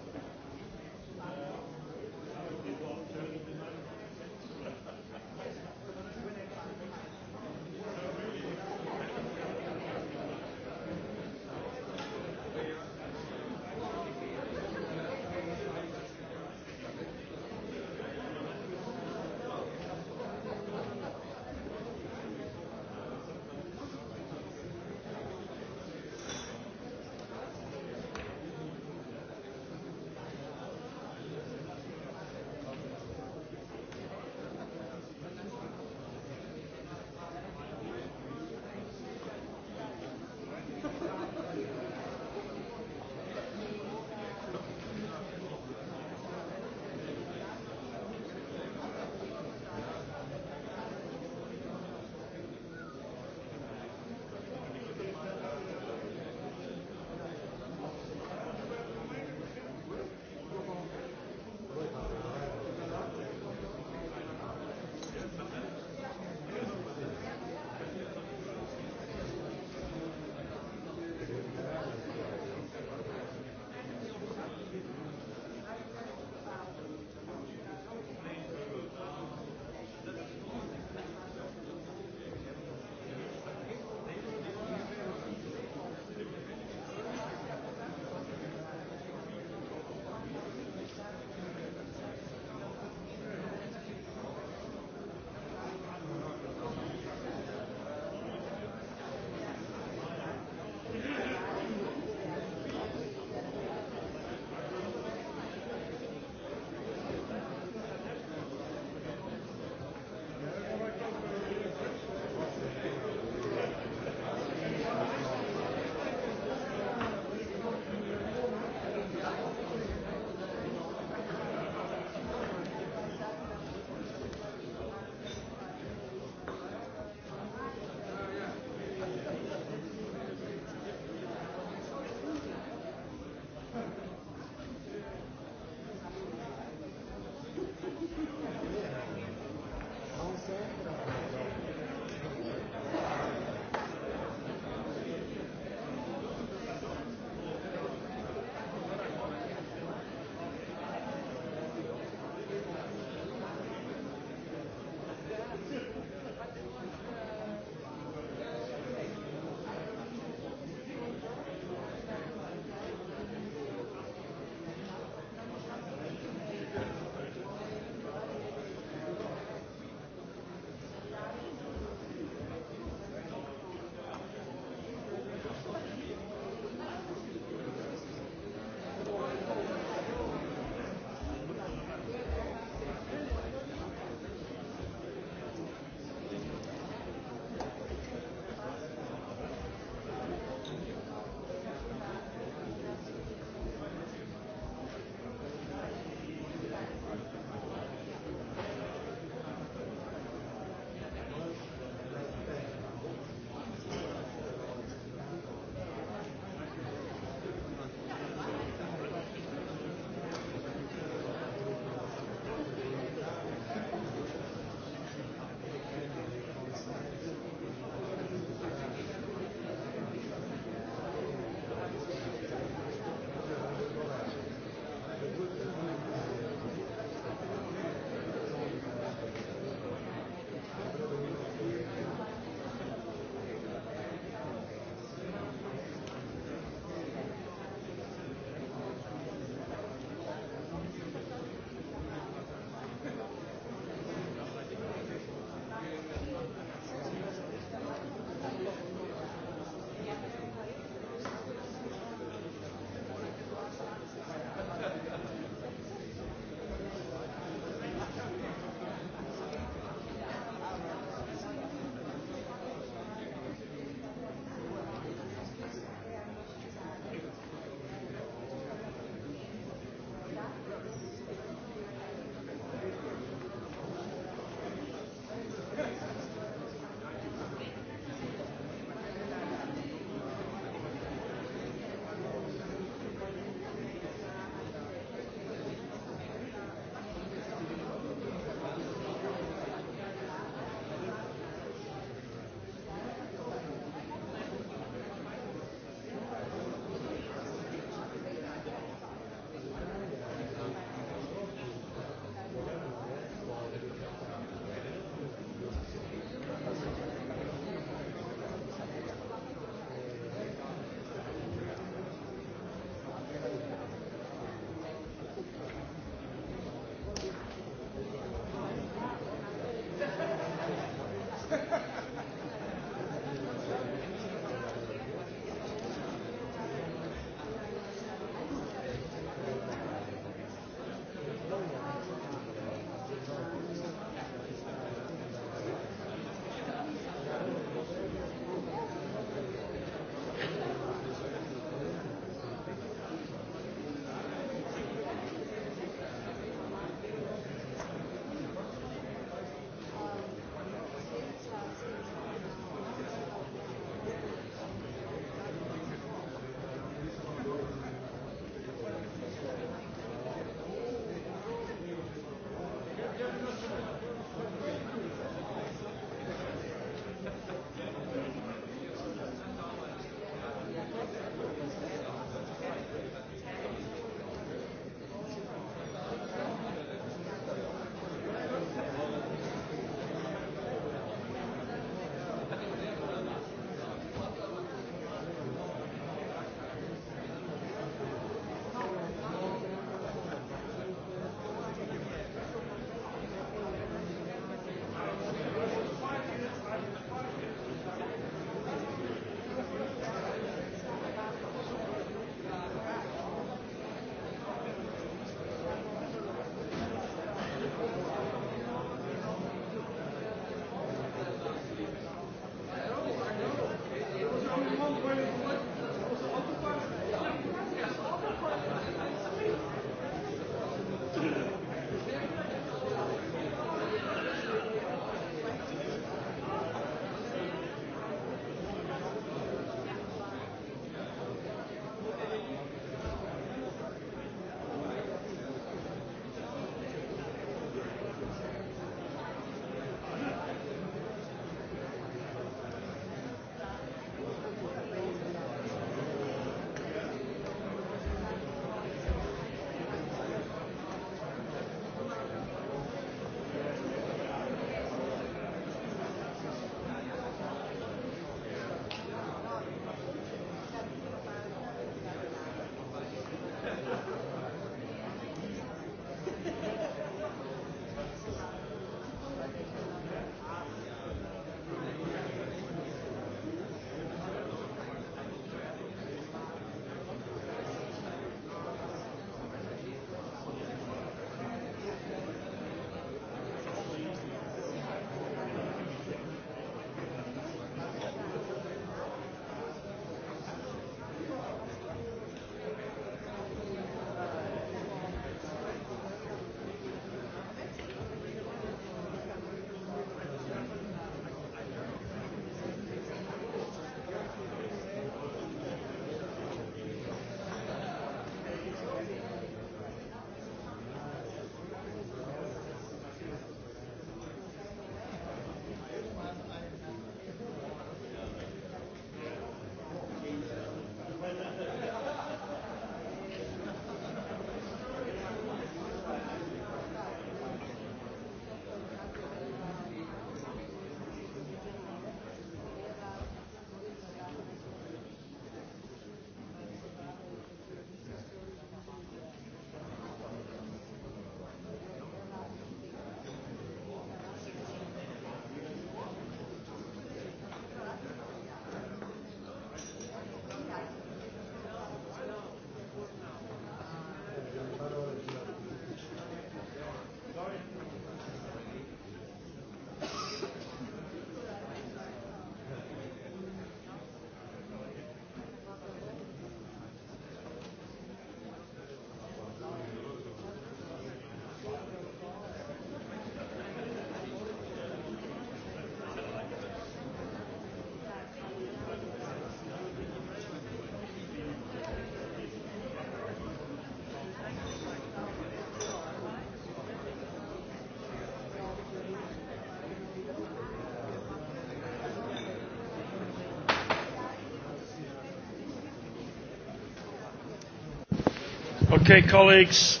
Okay, colleagues,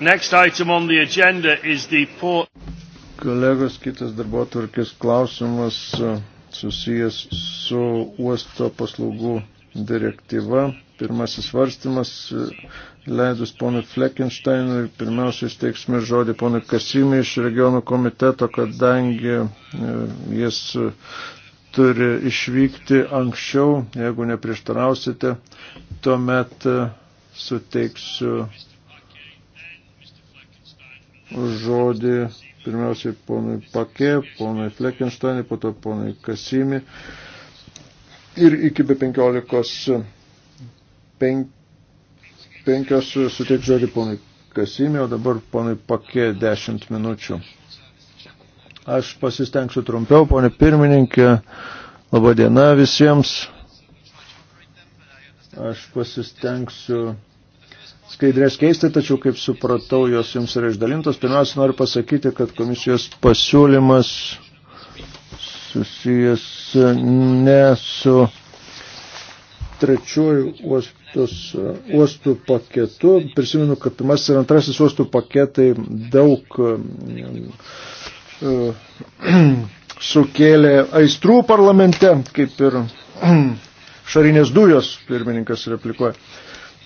next item on the agenda is the port.
Kolegos, kitas darbotvarkės klausimas e, susijęs su uosto paslaugų direktyva. Pirmasis svarstymas e, leidus ponui Fleckensteinui. Pirmiausia, išteiksime žodį ponui Kasimui iš regionų komiteto, kadangi e, jis turi išvykti anksčiau, jeigu neprieštarausite, tuomet suteiksiu žodį pirmiausiai ponui Pake, ponui Fleckensteinui, po to ponui Kasimi ir iki be 15 pen, penkios suteiksiu žodį ponui Kasimi, o dabar ponui Pake 10 minučių. Aš pasistengsiu trumpiau, ponė pirmininkė. Labadiena visiems. Aš pasistengsiu skaidrės keisti, tačiau kaip supratau, jos jums yra išdalintos. Pirmiausia, noriu pasakyti, kad komisijos pasiūlymas susijęs ne su trečiuoju uostus, uostų paketu. Prisimenu, kad pirmasis ir antrasis uostų paketai daug uh, [CLEARS THROAT] sukėlė aistrų parlamente, kaip ir uh, [CLEARS THROAT] šarinės dujos, pirmininkas replikuoja.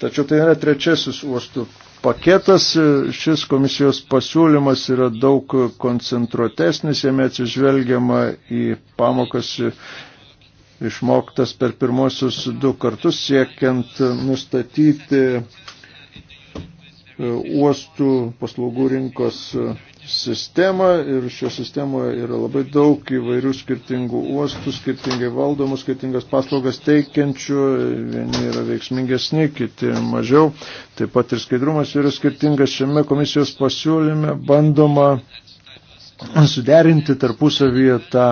Tačiau tai yra trečiasis uostų paketas. Šis komisijos pasiūlymas yra daug koncentruotesnis, jame atsižvelgiama į pamokas išmoktas per pirmosius du kartus siekiant nustatyti uostų paslaugų rinkos sistemą ir šio sistemoje yra labai daug įvairių skirtingų uostų, skirtingai valdomų, skirtingas paslaugas teikiančių, vieni yra veiksmingesni, kiti mažiau. Taip pat ir skaidrumas yra skirtingas šiame komisijos pasiūlyme, bandoma suderinti tarpusavyje tą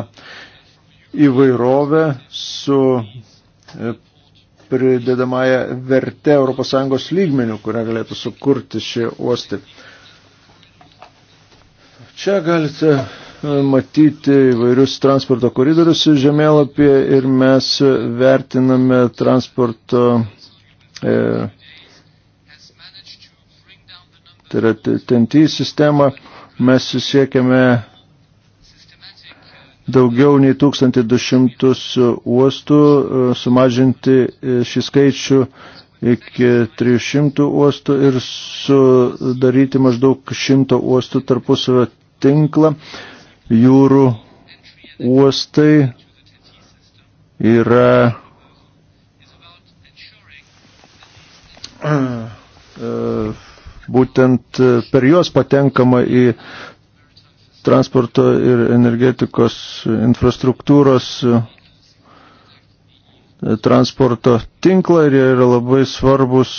įvairovę su e, pridedamąją vertę ES lygmenių, kurią galėtų sukurti šie uostai. Čia galite e, matyti įvairius transporto koridorius žemėlapyje ir mes vertiname transporto, e, tai yra TNT sistema, mes siekiame daugiau nei 1200 uostų, e, sumažinti e, šį skaičių iki 300 uostų ir sudaryti maždaug 100 uostų tarpusavio tinklą. Jūrų uostai yra e, būtent per juos patenkama į transporto ir energetikos infrastruktūros e, transporto tinklą ir jie yra labai svarbus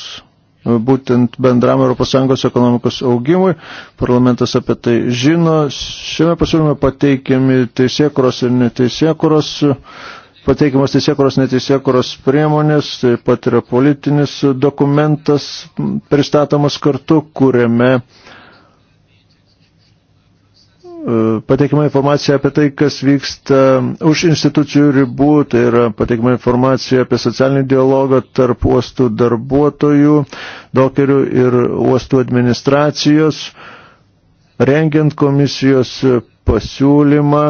būtent bendram ES ekonomikos augimui. Parlamentas apie tai žino. Šiame pasiūlyme pateikiami teisėkuros ir neteisėkuros, pateikiamas teisėkuros, neteisėkuros priemonės, taip pat yra politinis dokumentas pristatomas kartu, kuriame pateikiama informacija apie tai, kas vyksta už institucijų ribų, tai yra pateikiama informacija apie socialinį dialogą tarp uostų darbuotojų, dokerių ir uostų administracijos, rengiant komisijos pasiūlymą.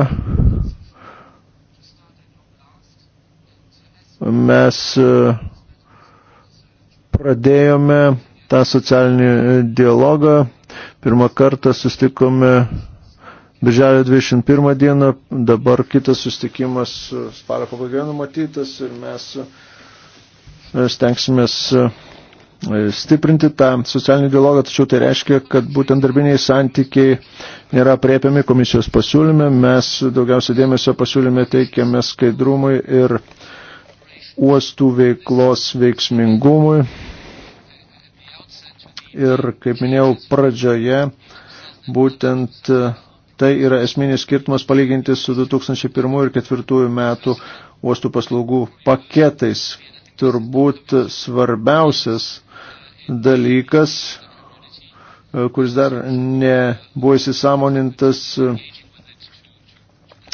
Mes pradėjome tą socialinį dialogą. Pirmą kartą sustikome Birželio 21 dieną, dabar kitas sustikimas spalio pabaigoje numatytas ir mes e, stengsimės e, stiprinti tą socialinį dialogą, tačiau tai reiškia, kad būtent darbiniai santykiai nėra priepiami komisijos pasiūlyme. Mes daugiausia dėmesio pasiūlyme teikiame skaidrumui ir uostų veiklos veiksmingumui. Ir, kaip minėjau, pradžioje būtent Tai yra esminis skirtumas palyginti su 2001 ir 2004 metų uostų paslaugų paketais. Turbūt svarbiausias dalykas, e, kuris dar nebuvo įsisamonintas e,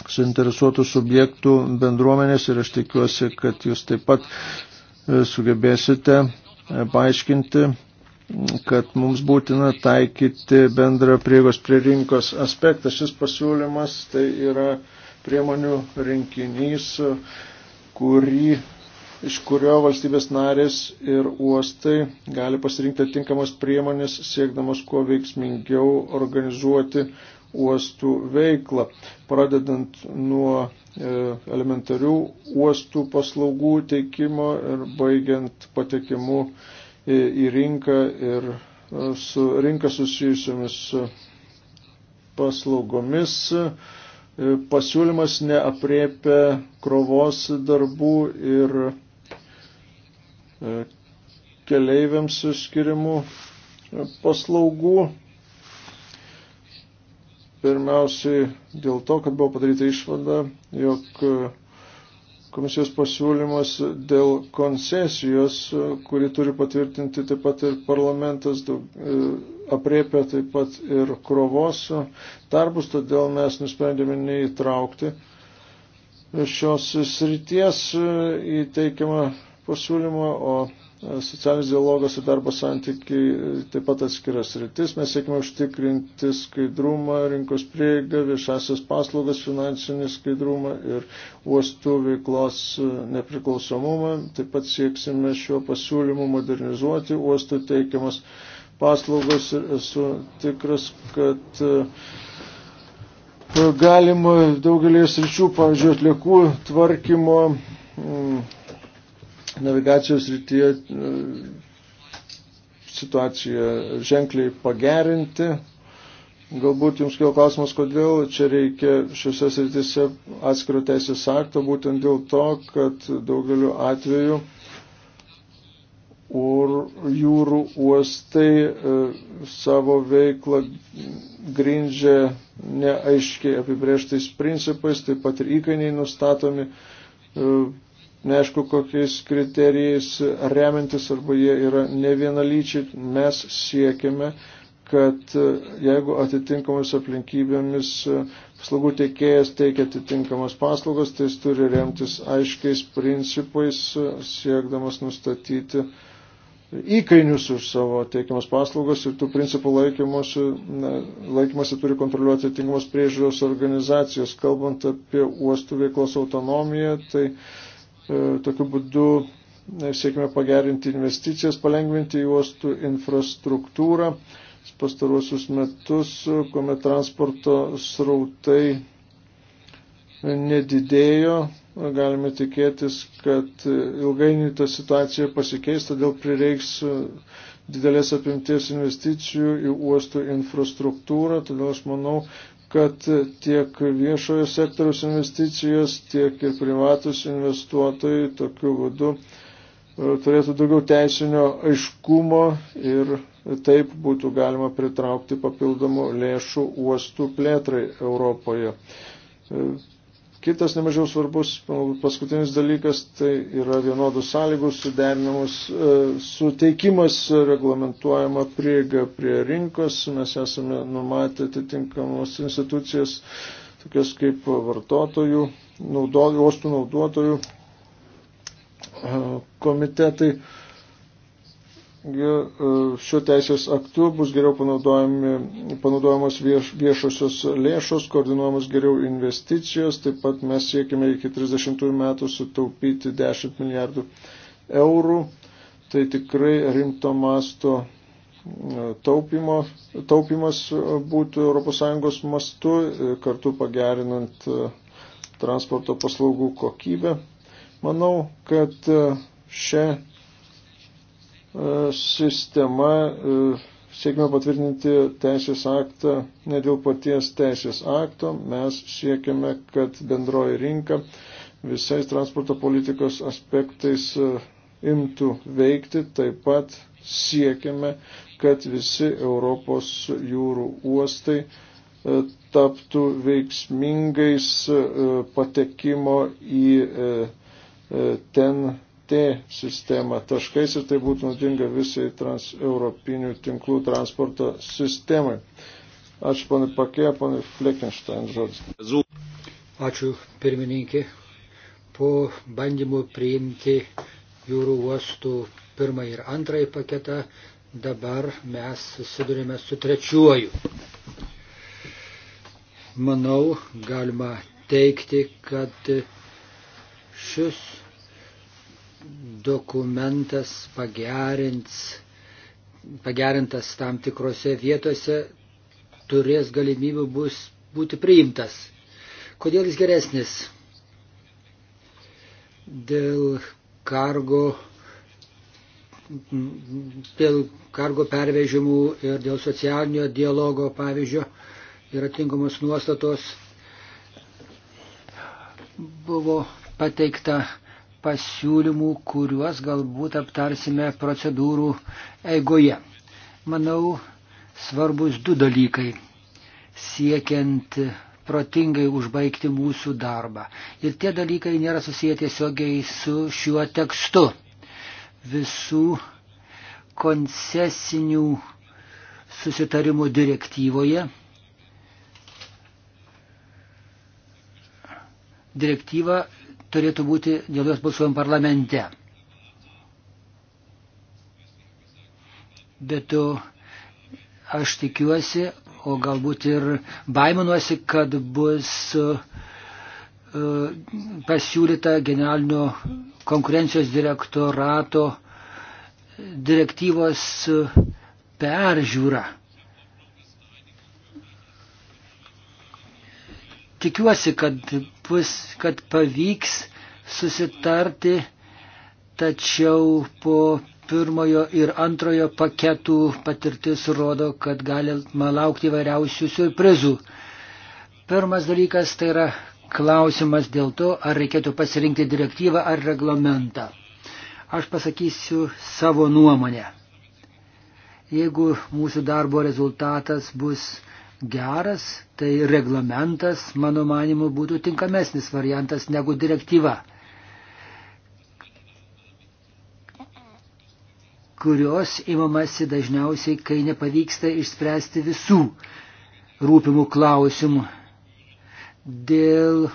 suinteresuotų subjektų bendruomenės ir aš tikiuosi, kad jūs taip pat e, sugebėsite paaiškinti kad mums būtina taikyti bendrą priegos prie rinkos aspektą. Šis pasiūlymas tai yra priemonių rinkinys, kurį, iš kurio valstybės narės ir uostai gali pasirinkti atinkamas priemonės, siekdamas kuo veiksmingiau organizuoti uostų veiklą, pradedant nuo e, elementarių uostų paslaugų teikimo ir baigiant patekimu į rinką ir e, su rinka susijusiamis e, paslaugomis. E, pasiūlymas neapriepia krovos darbų ir keleiviams skirimų paslaugų. Pirmiausiai dėl to, kad buvo padaryta išvada, jog komisijos pasiūlymas dėl koncesijos, kurį turi patvirtinti taip pat ir parlamentas, daug, e, apriepia taip pat ir krovos darbus, todėl mes nusprendėme neįtraukti šios srities e, į teikiamą pasiūlymą, o Socialinis dialogas ir darbo santykiai e, taip pat atskiras rytis. Mes siekime užtikrinti skaidrumą, rinkos prieigą, viešasias paslaugas, finansinį skaidrumą ir uostų veiklos e, nepriklausomumą. Taip pat sieksime šiuo pasiūlymu modernizuoti uostų teikiamas paslaugas ir esu tikras, kad e, galima daugelį sričių, pavyzdžiui, atliekų tvarkymo navigacijos rytyje e, situaciją ženkliai pagerinti. Galbūt jums kilo klausimas, kodėl čia reikia šiuose srityse atskiro teisės akto, būtent dėl to, kad daugeliu atveju ur, jūrų uostai e, savo veiklą grindžia neaiškiai apibrieštais principais, taip pat ir įkainiai nustatomi e, neaišku, kokiais kriterijais remiantis arba jie yra ne vienalyčiai, mes siekiame, kad e, jeigu atitinkamomis aplinkybėmis e, paslaugų teikėjas teikia atitinkamas paslaugas, tai jis turi remtis aiškiais principais, e, siekdamas nustatyti įkainius už savo teikiamas paslaugas ir tų principų laikymosi, laikymasi turi kontroliuoti atitinkamos priežiūros organizacijos. Kalbant apie uostų veiklos autonomiją, tai E, tokiu būdu e, siekime pagerinti investicijas, palengvinti juostų infrastruktūrą. Pastaruosius metus, e, kuomet transporto srautai nedidėjo, galime tikėtis, kad ilgainiui ta situacija pasikeis, todėl prireiks didelės apimties investicijų į uostų infrastruktūrą, todėl aš manau, kad tiek viešojo sektoriaus investicijos, tiek ir privatus investuotojai tokiu būdu e, turėtų daugiau teisinio aiškumo ir taip būtų galima pritraukti papildomų lėšų uostų plėtrai Europoje. E, Kitas nemažiau svarbus paskutinis dalykas tai yra vienodų sąlygų suderinimus, e, suteikimas reglamentuojama prieiga prie rinkos. Mes esame numatę atitinkamos institucijas, tokias kaip vartotojų, naudotojų, uostų naudotojų e, komitetai. E, šiuo teisės aktu bus geriau panaudojamos vieš, viešosios lėšos, koordinuojamos geriau investicijos, taip pat mes siekime iki 30 metų sutaupyti 10 milijardų eurų. Tai tikrai rimto masto e, taupimo, taupimas būtų ES mastu, e, kartu pagerinant transporto paslaugų kokybę. Manau, kad šią E, sistema e, siekime patvirtinti teisės aktą ne dėl paties teisės akto, mes siekime, kad bendroji rinka visais transporto politikos aspektais e, imtų veikti, taip pat siekiame, kad visi Europos jūrų uostai taptų veiksmingais patekimo į ten TNT sistemą taškais ir tai būtų naudinga visai transeuropinių tinklų transporto sistemai. Ačiū ponai Pakė, ponai Fleckenstein žodis.
Ačiū pirmininkė. Po bandymų priimti jūrų uostų pirmąjį ir antrąjį paketą dabar mes susidurime su trečiuoju. Manau, galima teikti, kad šis dokumentas pagerins, pagerintas tam tikrose vietose, turės galimybių bus būti priimtas. Kodėl jis geresnis? Dėl kargo, dėl kargo pervežimų ir dėl socialinio dialogo pavyzdžio yra tinkamos nuostatos. Buvo pateikta pasiūlymų, kuriuos galbūt aptarsime procedūrų eigoje. Manau, svarbus du dalykai siekiant protingai užbaigti mūsų darbą. Ir tie dalykai nėra susiję tiesiogiai su šiuo tekstu. Visų koncesinių susitarimų direktyvoje. Direktyva turėtų būti dėl jos balsuojant parlamente. Bet tu, aš tikiuosi, o galbūt ir baiminuosi, kad bus e, pasiūlyta generalinio konkurencijos direktorato direktyvos e, peržiūra. tikiuosi, kad, bus, kad pavyks susitarti, tačiau po pirmojo ir antrojo paketų patirtis rodo, kad galima laukti įvairiausių surprizų. Pirmas dalykas tai yra klausimas dėl to, ar reikėtų pasirinkti direktyvą ar reglamentą. Aš pasakysiu savo nuomonę. Jeigu mūsų darbo rezultatas bus geras, tai reglamentas, mano manimu, būtų tinkamesnis variantas negu direktyva, kurios imamasi dažniausiai, kai nepavyksta išspręsti visų rūpimų klausimų dėl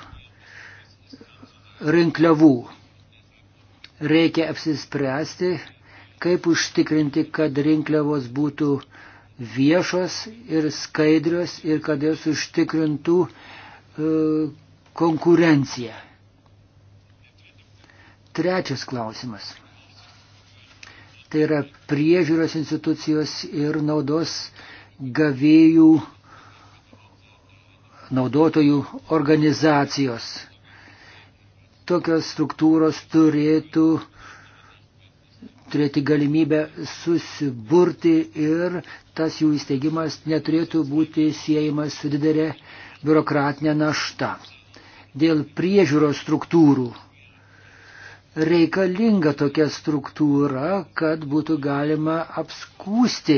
rinkliavų. Reikia apsispręsti, kaip užtikrinti, kad rinkliavos būtų uh, viešos ir skaidrios ir kad jos užtikrintų e, konkurenciją. Trečias klausimas. Tai yra priežiūros institucijos ir naudos gavėjų, naudotojų organizacijos. Tokios struktūros turėtų uh, turėti galimybę susiburti ir tas jų įsteigimas neturėtų būti siejamas su didelė biurokratinė našta. Dėl priežiūros struktūrų reikalinga tokia struktūra, kad būtų galima apskūsti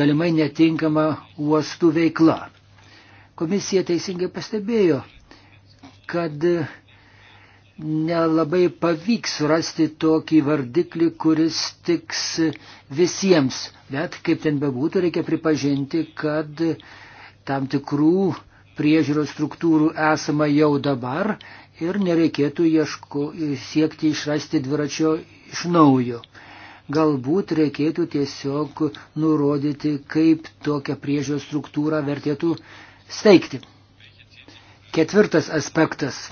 galimai netinkama uostų veikla. Komisija teisingai pastebėjo, kad nelabai pavyks rasti tokį vardiklį, kuris tiks visiems. Bet kaip ten bebūtų, reikia pripažinti, kad tam tikrų priežiūros struktūrų esama jau dabar ir nereikėtų ieško, siekti išrasti dviračio iš naujo. Galbūt reikėtų tiesiog nurodyti, kaip tokią priežiūros struktūrą vertėtų steigti. Ketvirtas aspektas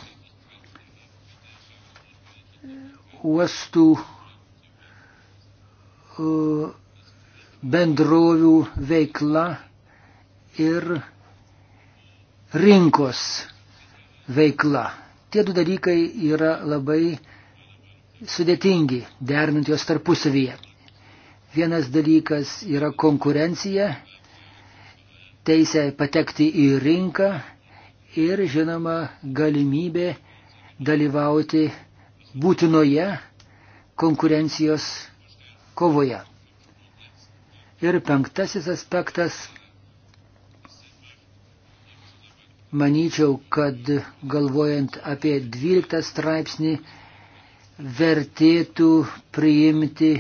uostų e, bendrovių veikla ir rinkos veikla. Tie du dalykai yra labai sudėtingi derinant juos tarpusavyje. Vienas dalykas yra konkurencija, teisė patekti į rinką ir, žinoma, galimybė dalyvauti būtinoje konkurencijos kovoje. Ir penktasis aspektas, manyčiau, kad galvojant apie 12 straipsnį, vertėtų priimti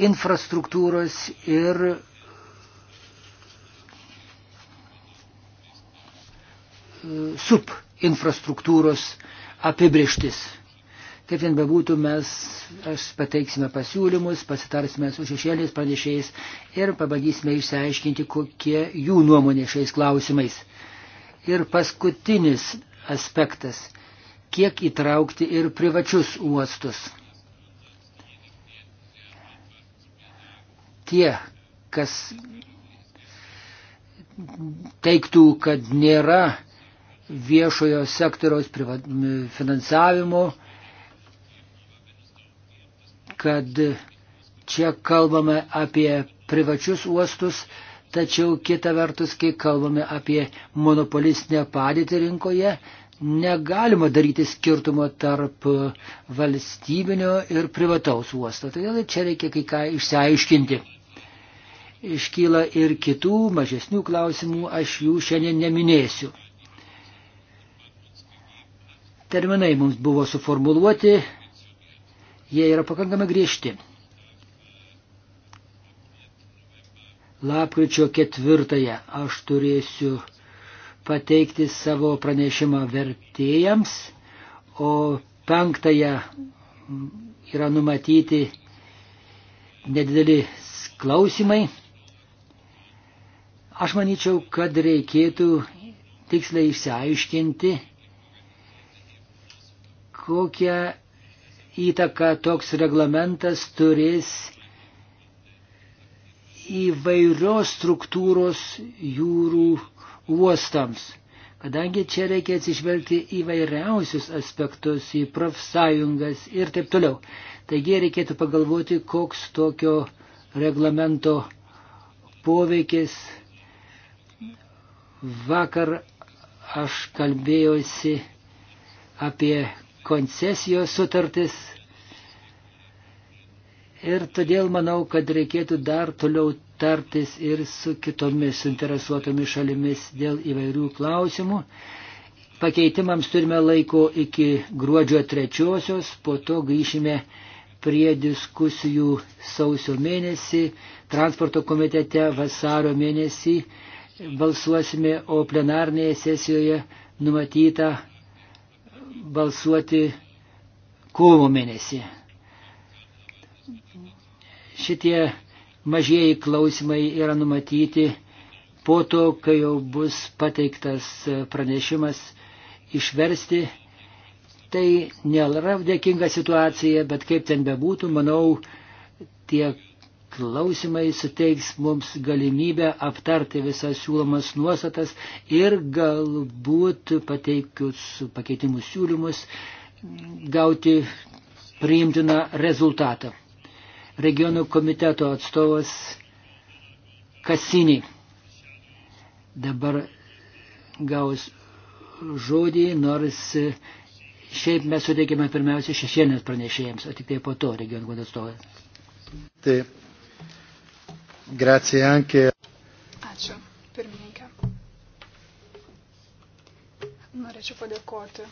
infrastruktūros ir sub infrastruktūros uh, apibrištis. Kaip ten bebūtų, mes aš pateiksime pasiūlymus, pasitarsime su šešėliais pranešėjais ir pabandysime išsiaiškinti, kokie jų nuomonė šiais klausimais. Ir paskutinis aspektas - kiek įtraukti ir privačius uostus. Tie, kas teiktų, kad nėra viešojo sektoriaus finansavimu, kad čia kalbame apie privačius uostus, tačiau kita vertus, kai kalbame apie monopolistinę padėtį rinkoje, negalima daryti skirtumo tarp valstybinio ir privataus uosto. Todėl čia reikia kai ką išsiaiškinti. Iškyla ir kitų mažesnių klausimų, aš jų šiandien neminėsiu terminai mums buvo suformuluoti, jie yra pakankamai griežti. Lapkričio ketvirtąją aš turėsiu pateikti savo pranešimą vertėjams, o penktąją yra numatyti nedideli klausimai. Aš manyčiau, kad reikėtų tiksliai išsiaiškinti, kokią įtaką toks reglamentas turės įvairios struktūros jūrų uostams. Kadangi čia reikia atsižvelgti įvairiausius aspektus, į profsąjungas ir taip toliau. Taigi reikėtų pagalvoti, koks tokio reglamento poveikis. Vakar aš kalbėjosi apie koncesijos sutartis. Ir todėl manau, kad reikėtų dar toliau tartis ir su kitomis suinteresuotomis šalimis dėl įvairių klausimų. Pakeitimams turime laiko iki gruodžio trečiosios, po to grįšime prie diskusijų sausio mėnesį, transporto komitete vasario mėnesį balsuosime, o plenarnėje sesijoje numatyta balsuoti kovo mėnesį. Šitie mažieji klausimai yra numatyti po to, kai jau bus pateiktas pranešimas išversti. Tai nėra dėkinga situacija, bet kaip ten bebūtų, manau, tiek klausimai suteiks mums galimybę aptarti visas siūlomas nuostatas ir galbūt pateikius pakeitimų siūlymus gauti priimtiną rezultatą. Regionų komiteto atstovas Kasinį dabar gaus žodį, nors šiaip mes suteikime pirmiausia šešėlinės pranešėjams, o tik tai po to regionų atstovai.
Taip. Grazie anche.
Ačiū, pirmininkė. Norėčiau padėkoti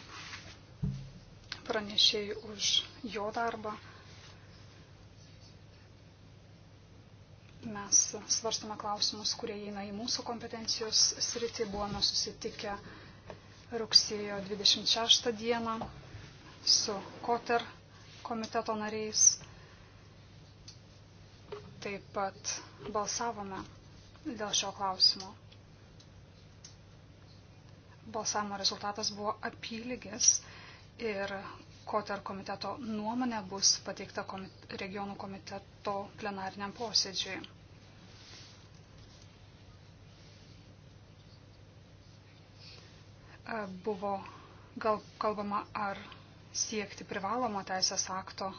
pranešėjai už jo darbą. Mes svarstame klausimus, kurie įeina į mūsų kompetencijos sritį. Buvome susitikę rugsėjo 26 dieną su Koter komiteto nariais. Taip pat balsavome dėl šio klausimo. Balsavimo rezultatas buvo apylygis ir Koter komiteto nuomonė bus pateikta komit regionų komiteto plenariniam posėdžiui. E, buvo gal kalbama ar siekti privalomo teisės akto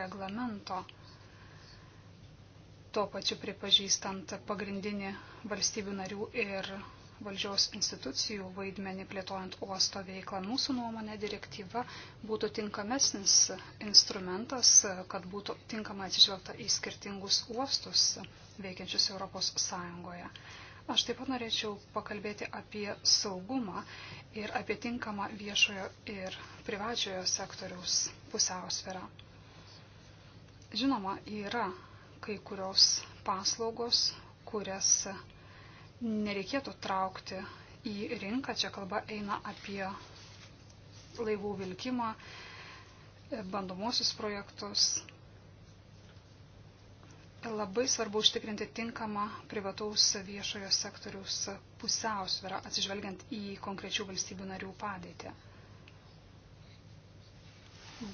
reglamento tuo pačiu pripažįstant pagrindinį valstybių narių ir valdžios institucijų vaidmenį plėtojant uosto veiklą. Mūsų nuomonė direktyva būtų tinkamesnis instrumentas, kad būtų tinkamai atsižvelgta į skirtingus uostus veikiančius Europos Sąjungoje. Aš taip pat norėčiau pakalbėti apie saugumą ir apie tinkamą viešojo ir privačiojo sektoriaus pusiausvyrą. Žinoma, yra kai kurios paslaugos, kurias nereikėtų traukti į rinką. Čia kalba eina apie laivų vilkimą, bandomosius projektus. Labai svarbu užtikrinti tinkamą privataus viešojo sektoriaus pusiausvyrą, atsižvelgiant į konkrečių valstybių narių padėtį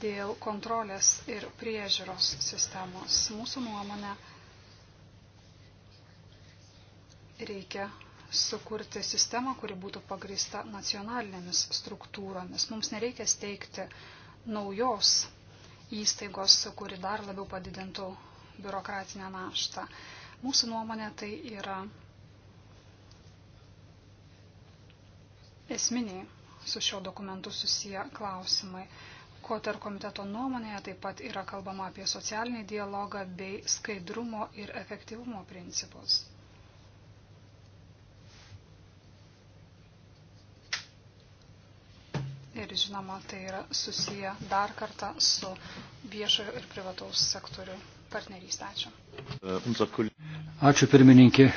dėl kontrolės ir priežiūros sistemos. Mūsų nuomonė reikia sukurti sistemą, kuri būtų pagrįsta nacionalinėmis struktūromis. Mums nereikia steigti naujos įstaigos, kuri dar labiau padidintų biurokratinę naštą. Mūsų nuomonė tai yra esminiai su šio dokumentu susiję klausimai. Koter komiteto nuomonėje taip pat yra kalbama apie socialinį dialogą bei skaidrumo ir efektyvumo principus. Ir žinoma, tai yra susiję dar kartą su viešojo ir privataus sektorių partnerystė.
Ačiū. Ačiū pirmininkė.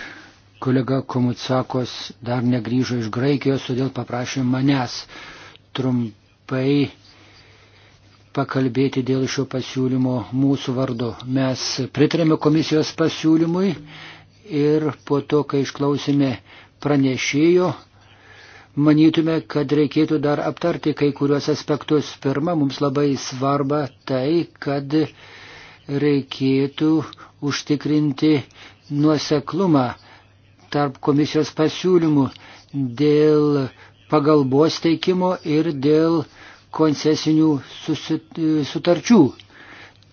Kolega Komutsakos dar negryžo iš Graikijos, todėl paprašė manęs trumpai pakalbėti dėl šio pasiūlymo mūsų vardu. Mes pritarėme komisijos pasiūlymui ir po to, kai išklausėme pranešėjo, manytume, kad reikėtų dar aptarti kai kuriuos aspektus. Pirma, mums labai svarba tai, kad reikėtų užtikrinti nuoseklumą tarp komisijos pasiūlymų dėl pagalbos teikimo ir dėl uh, koncesinių susit, sutarčių.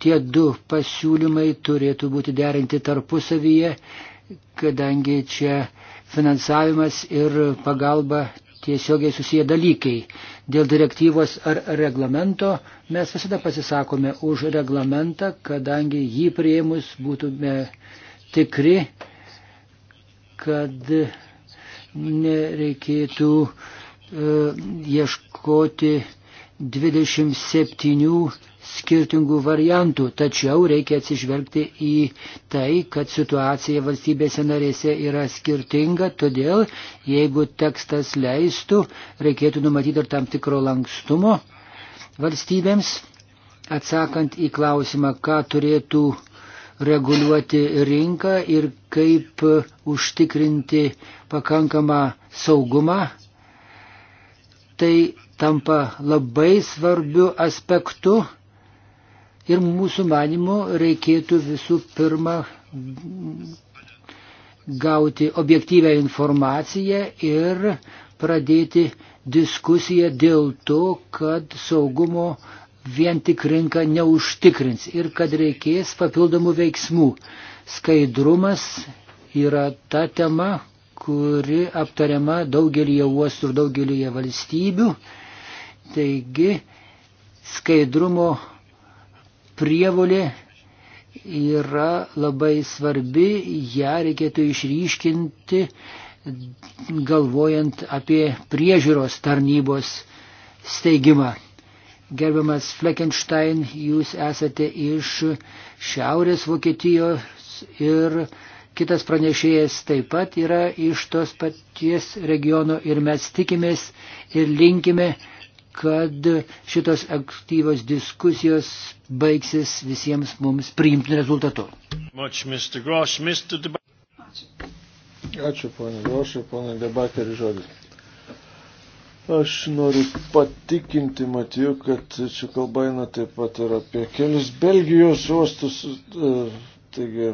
Tie du pasiūlymai turėtų būti derinti tarpusavyje, kadangi čia finansavimas ir pagalba tiesiogiai susiję dalykai. Dėl direktyvos ar reglamento mes visada pasisakome už reglamentą, kadangi jį prieimus būtume tikri, kad nereikėtų e, ieškoti 27 skirtingų variantų, tačiau reikia atsižvelgti į tai, kad situacija valstybėse narėse yra skirtinga, todėl jeigu tekstas leistų, reikėtų numatyti ir tam tikro lankstumo valstybėms, atsakant į klausimą, ką turėtų reguliuoti rinką ir kaip užtikrinti pakankamą saugumą. Tai tampa labai svarbiu aspektu ir mūsų manimo reikėtų visų pirma gauti objektyvę informaciją ir pradėti diskusiją dėl to, kad saugumo vien tik rinka neužtikrins ir kad reikės papildomų veiksmų. Skaidrumas yra ta tema, kuri aptariama daugelį uostų ir daugelį valstybių. Taigi skaidrumo prievolė yra labai svarbi, ją reikėtų išryškinti, galvojant apie priežiūros tarnybos steigimą. Gerbiamas Fleckenstein, jūs esate iš Šiaurės Vokietijos ir kitas pranešėjas taip pat yra iš tos paties regiono ir mes tikimės ir linkime, kad šitos aktyvos diskusijos baigsis visiems mums priimtiniu rezultatu.
Much, Mr. Grosh, Mr. Deba... Ačiū. Ačiū, ponė Grošai,
ponė Debakerį žodis. Aš noriu patikinti, Matiju, kad čia kalba eina taip pat ir apie kelius Belgijos uostus. E, taigi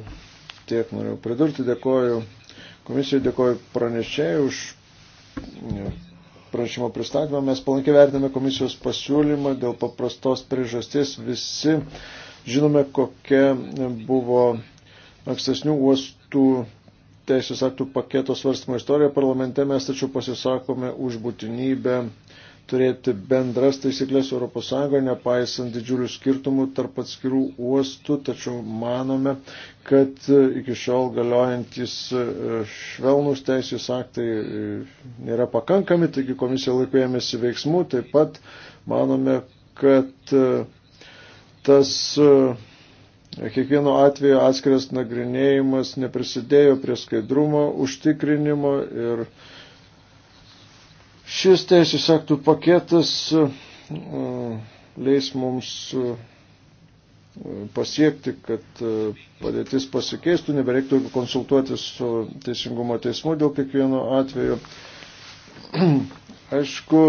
tiek noriu pridurti, dėkoju komisijai, dėkoju pranešėjai už pranešimo pristatymą. Mes palankiai vertiname komisijos pasiūlymą dėl paprastos priežasties. Visi žinome, kokia buvo ankstesnių uostų teisės aktų paketo svarstymo istorija parlamente. Mes tačiau pasisakome už būtinybę turėti bendras taisyklės ES, nepaisant didžiulių skirtumų tarp atskirų uostų, tačiau manome, kad e, iki šiol galiojantis e, švelnus teisės aktai e, nėra pakankami, taigi komisija laikojamėsi veiksmų, taip pat manome, kad tas kiekvieno atveju atskiras nagrinėjimas neprisidėjo prie skaidrumo užtikrinimo ir Šis teisės aktų paketas e, leis mums e, pasiekti, kad e, padėtis pasikeistų, nebereiktų konsultuotis su teisingumo teismu dėl kiekvieno atveju. [CLEARS THROAT] Aišku,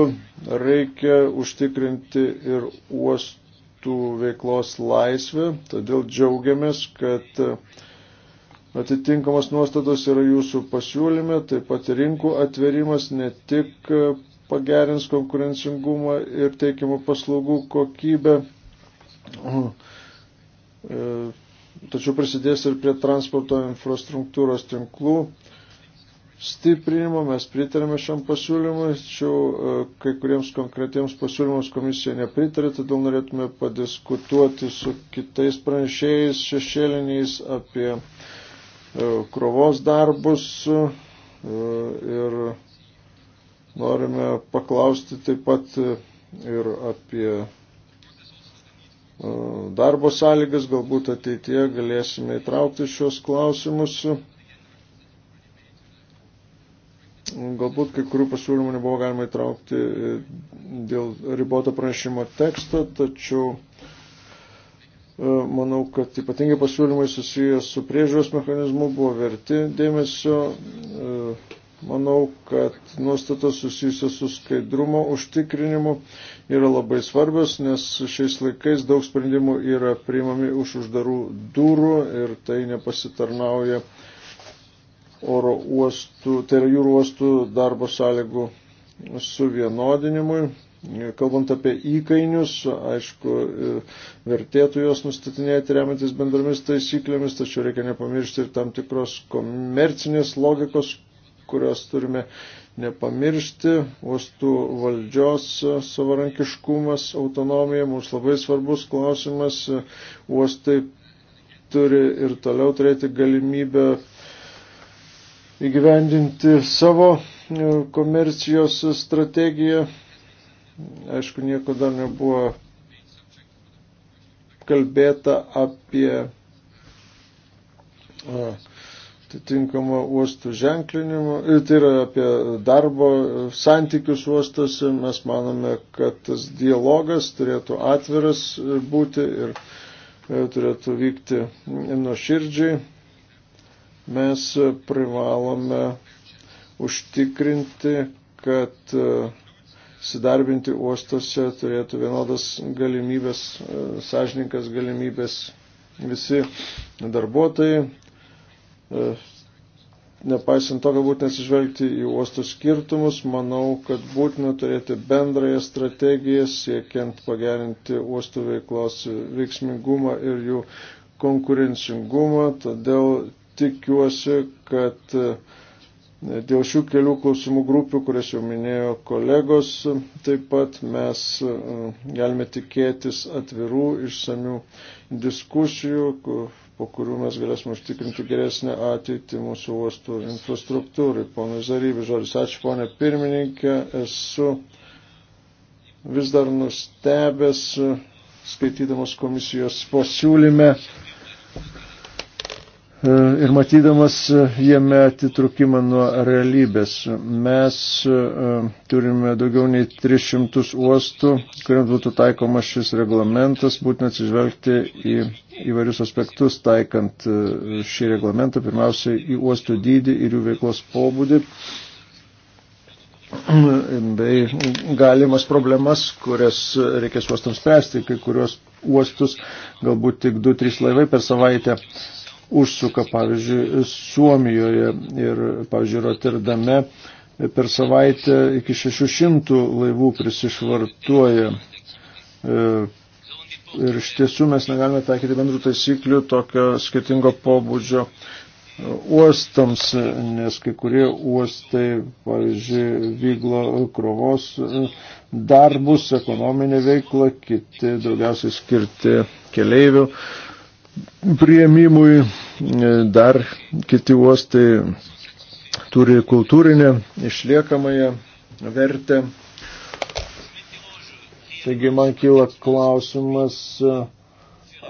reikia užtikrinti ir uostų veiklos laisvę, todėl džiaugiamės, kad Atitinkamas nuostatos yra jūsų pasiūlyme, taip pat rinkų atverimas ne tik e, pagerins konkurencingumą ir teikimų paslaugų kokybę, e, tačiau prisidės ir prie transporto infrastruktūros tinklų stiprinimo. Mes pritarėme šiam pasiūlymui, tačiau e, kai kuriems konkretiems pasiūlymams komisija nepritarė, todėl norėtume padiskutuoti su kitais pranešėjais šešėliniais apie E, krovos darbus e, ir norime paklausti taip pat e, ir apie darbo sąlygas, galbūt ateityje galėsime įtraukti šios klausimus. Galbūt kai kurių pasiūlymų nebuvo galima įtraukti dėl riboto pranešimo teksto, tačiau uh, E, manau, kad ypatingai pasiūlymai susijęs su priežiūros mechanizmu buvo verti dėmesio. E, manau, kad nuostatos susijusios su skaidrumo užtikrinimu yra labai svarbios, nes šiais laikais daug sprendimų yra priimami už uždarų durų ir tai nepasitarnauja oro uostų, tai yra jūrų uostų darbo sąlygų suvienodinimui. Kalbant apie įkainius, aišku, vertėtų juos nustatinėti remiantis bendromis taisyklėmis, tačiau reikia nepamiršti ir tam tikros komercinės logikos, kurios turime nepamiršti. Uostų valdžios savarankiškumas, autonomija mums labai svarbus klausimas. Uostai turi ir toliau turėti galimybę įgyvendinti savo komercijos strategiją Aišku, nieko dar nebuvo kalbėta apie atitinkamą uostų ženklinimą, e, tai yra apie darbo santykius uostose, mes manome, kad tas dialogas turėtų atviras būti ir e, turėtų vykti nuoširdžiai. Mes privalome užtikrinti, kad uh, įsidarbinti uostuose, turėtų vienodas galimybės, e, sąžininkas galimybės visi darbuotojai. E, nepaisant to, kad būtina atsižvelgti į uostų skirtumus, manau, kad būtina turėti bendrąją strategiją siekiant pagerinti uostų veiklos veiksmingumą ir jų konkurencingumą. Todėl tikiuosi, kad uh, Dėl šių kelių klausimų grupių, kurias jau minėjo kolegos, taip pat mes e, galime tikėtis atvirų išsamių diskusijų, po kurių mes galėsime užtikrinti geresnę ateitį mūsų uostų infrastruktūrai. Pono Zarybė, žodis, ačiū ponė pirmininkė, esu vis dar nustebęs skaitydamas komisijos pasiūlyme E, ir matydamas e, jame atitrukimą nuo realybės. Mes e, turime daugiau nei 300 uostų, kuriam būtų taikomas šis reglamentas, būtent atsižvelgti į įvairius aspektus taikant šį reglamentą, pirmiausia į uostų dydį ir jų veiklos pobūdį bei galimas problemas, kurias reikės uostams spręsti, kai kurios uostus galbūt tik 2-3 laivai per savaitę užsuka, pavyzdžiui, Suomijoje ir, pavyzdžiui, Rotterdame per savaitę iki 600 laivų prisišvartuoja. E, ir iš tiesų mes negalime taikyti bendrų taisyklių tokio skirtingo pobūdžio uostams, nes kai kurie uostai, pavyzdžiui, vyklo krovos darbus, ekonominė veikla, kiti daugiausiai skirti keleivių prieimimui, e, dar kiti uostai turi kultūrinę išliekamąją vertę. Taigi man kyla klausimas,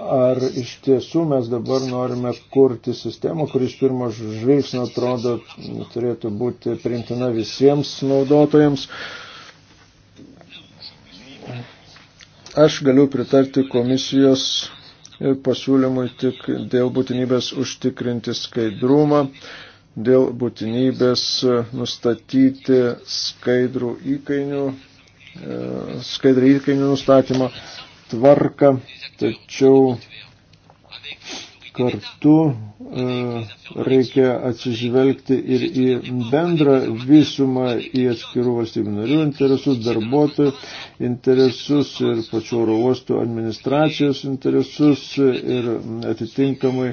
ar iš tiesų mes dabar norime kurti sistemą, kuris pirmo žvilgsnio atrodo turėtų būti priimtina visiems naudotojams. Aš galiu pritarti komisijos pasiūlymui tik dėl būtinybės užtikrinti skaidrumą, dėl būtinybės e, nustatyti skaidrų įkainių, e, skaidrį įkainių nustatymą tvarką, tačiau kartu e, reikia atsižvelgti ir į bendrą visumą, į atskirų valstybių narių interesus, darbuotojų interesus ir pačių oro uostų administracijos interesus ir atitinkamai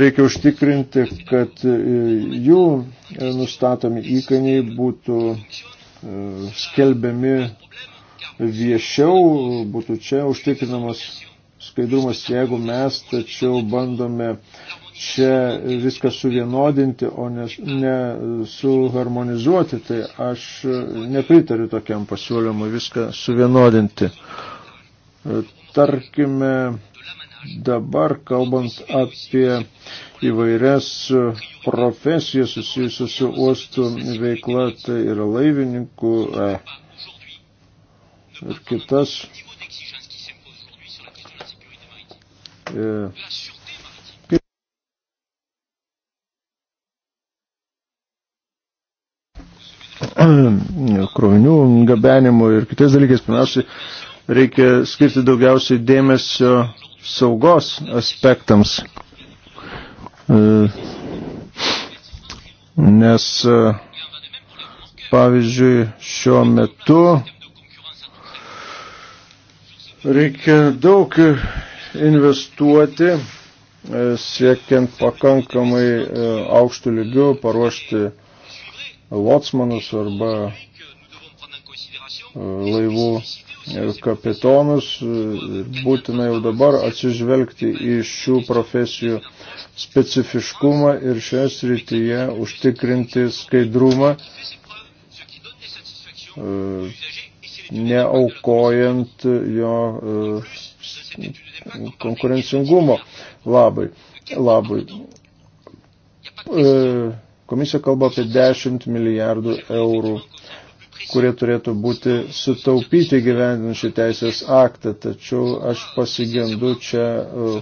reikia užtikrinti, kad jų nustatomi įkainiai būtų e, skelbiami viešiau, būtų čia užtikrinamas skaidrumas, jeigu mes tačiau bandome čia viską suvienodinti, o ne, ne suharmonizuoti, tai aš nepritariu tokiam pasiūlymui viską suvienodinti. Tarkime, dabar kalbant apie įvairias profesijas susijusius su uostų veikla, tai yra laivininkų e, ir kitas krovinių gabenimu ir kitais dalykais, pirmiausiai, reikia skirti daugiausiai dėmesio saugos aspektams. Nes, pavyzdžiui, šiuo metu reikia daug investuoti, e, siekiant pakankamai e, aukštų lygių paruošti lotsmanus arba e, laivų kapitonus. Būtina jau dabar atsižvelgti į šių profesijų specifiškumą ir šioje srityje užtikrinti skaidrumą, neaukojant jo konkurencingumo labai. labai. E, komisija kalba apie 10 milijardų eurų, kurie turėtų būti sutaupyti gyvendinant šį teisės aktą, tačiau aš pasigendu čia e,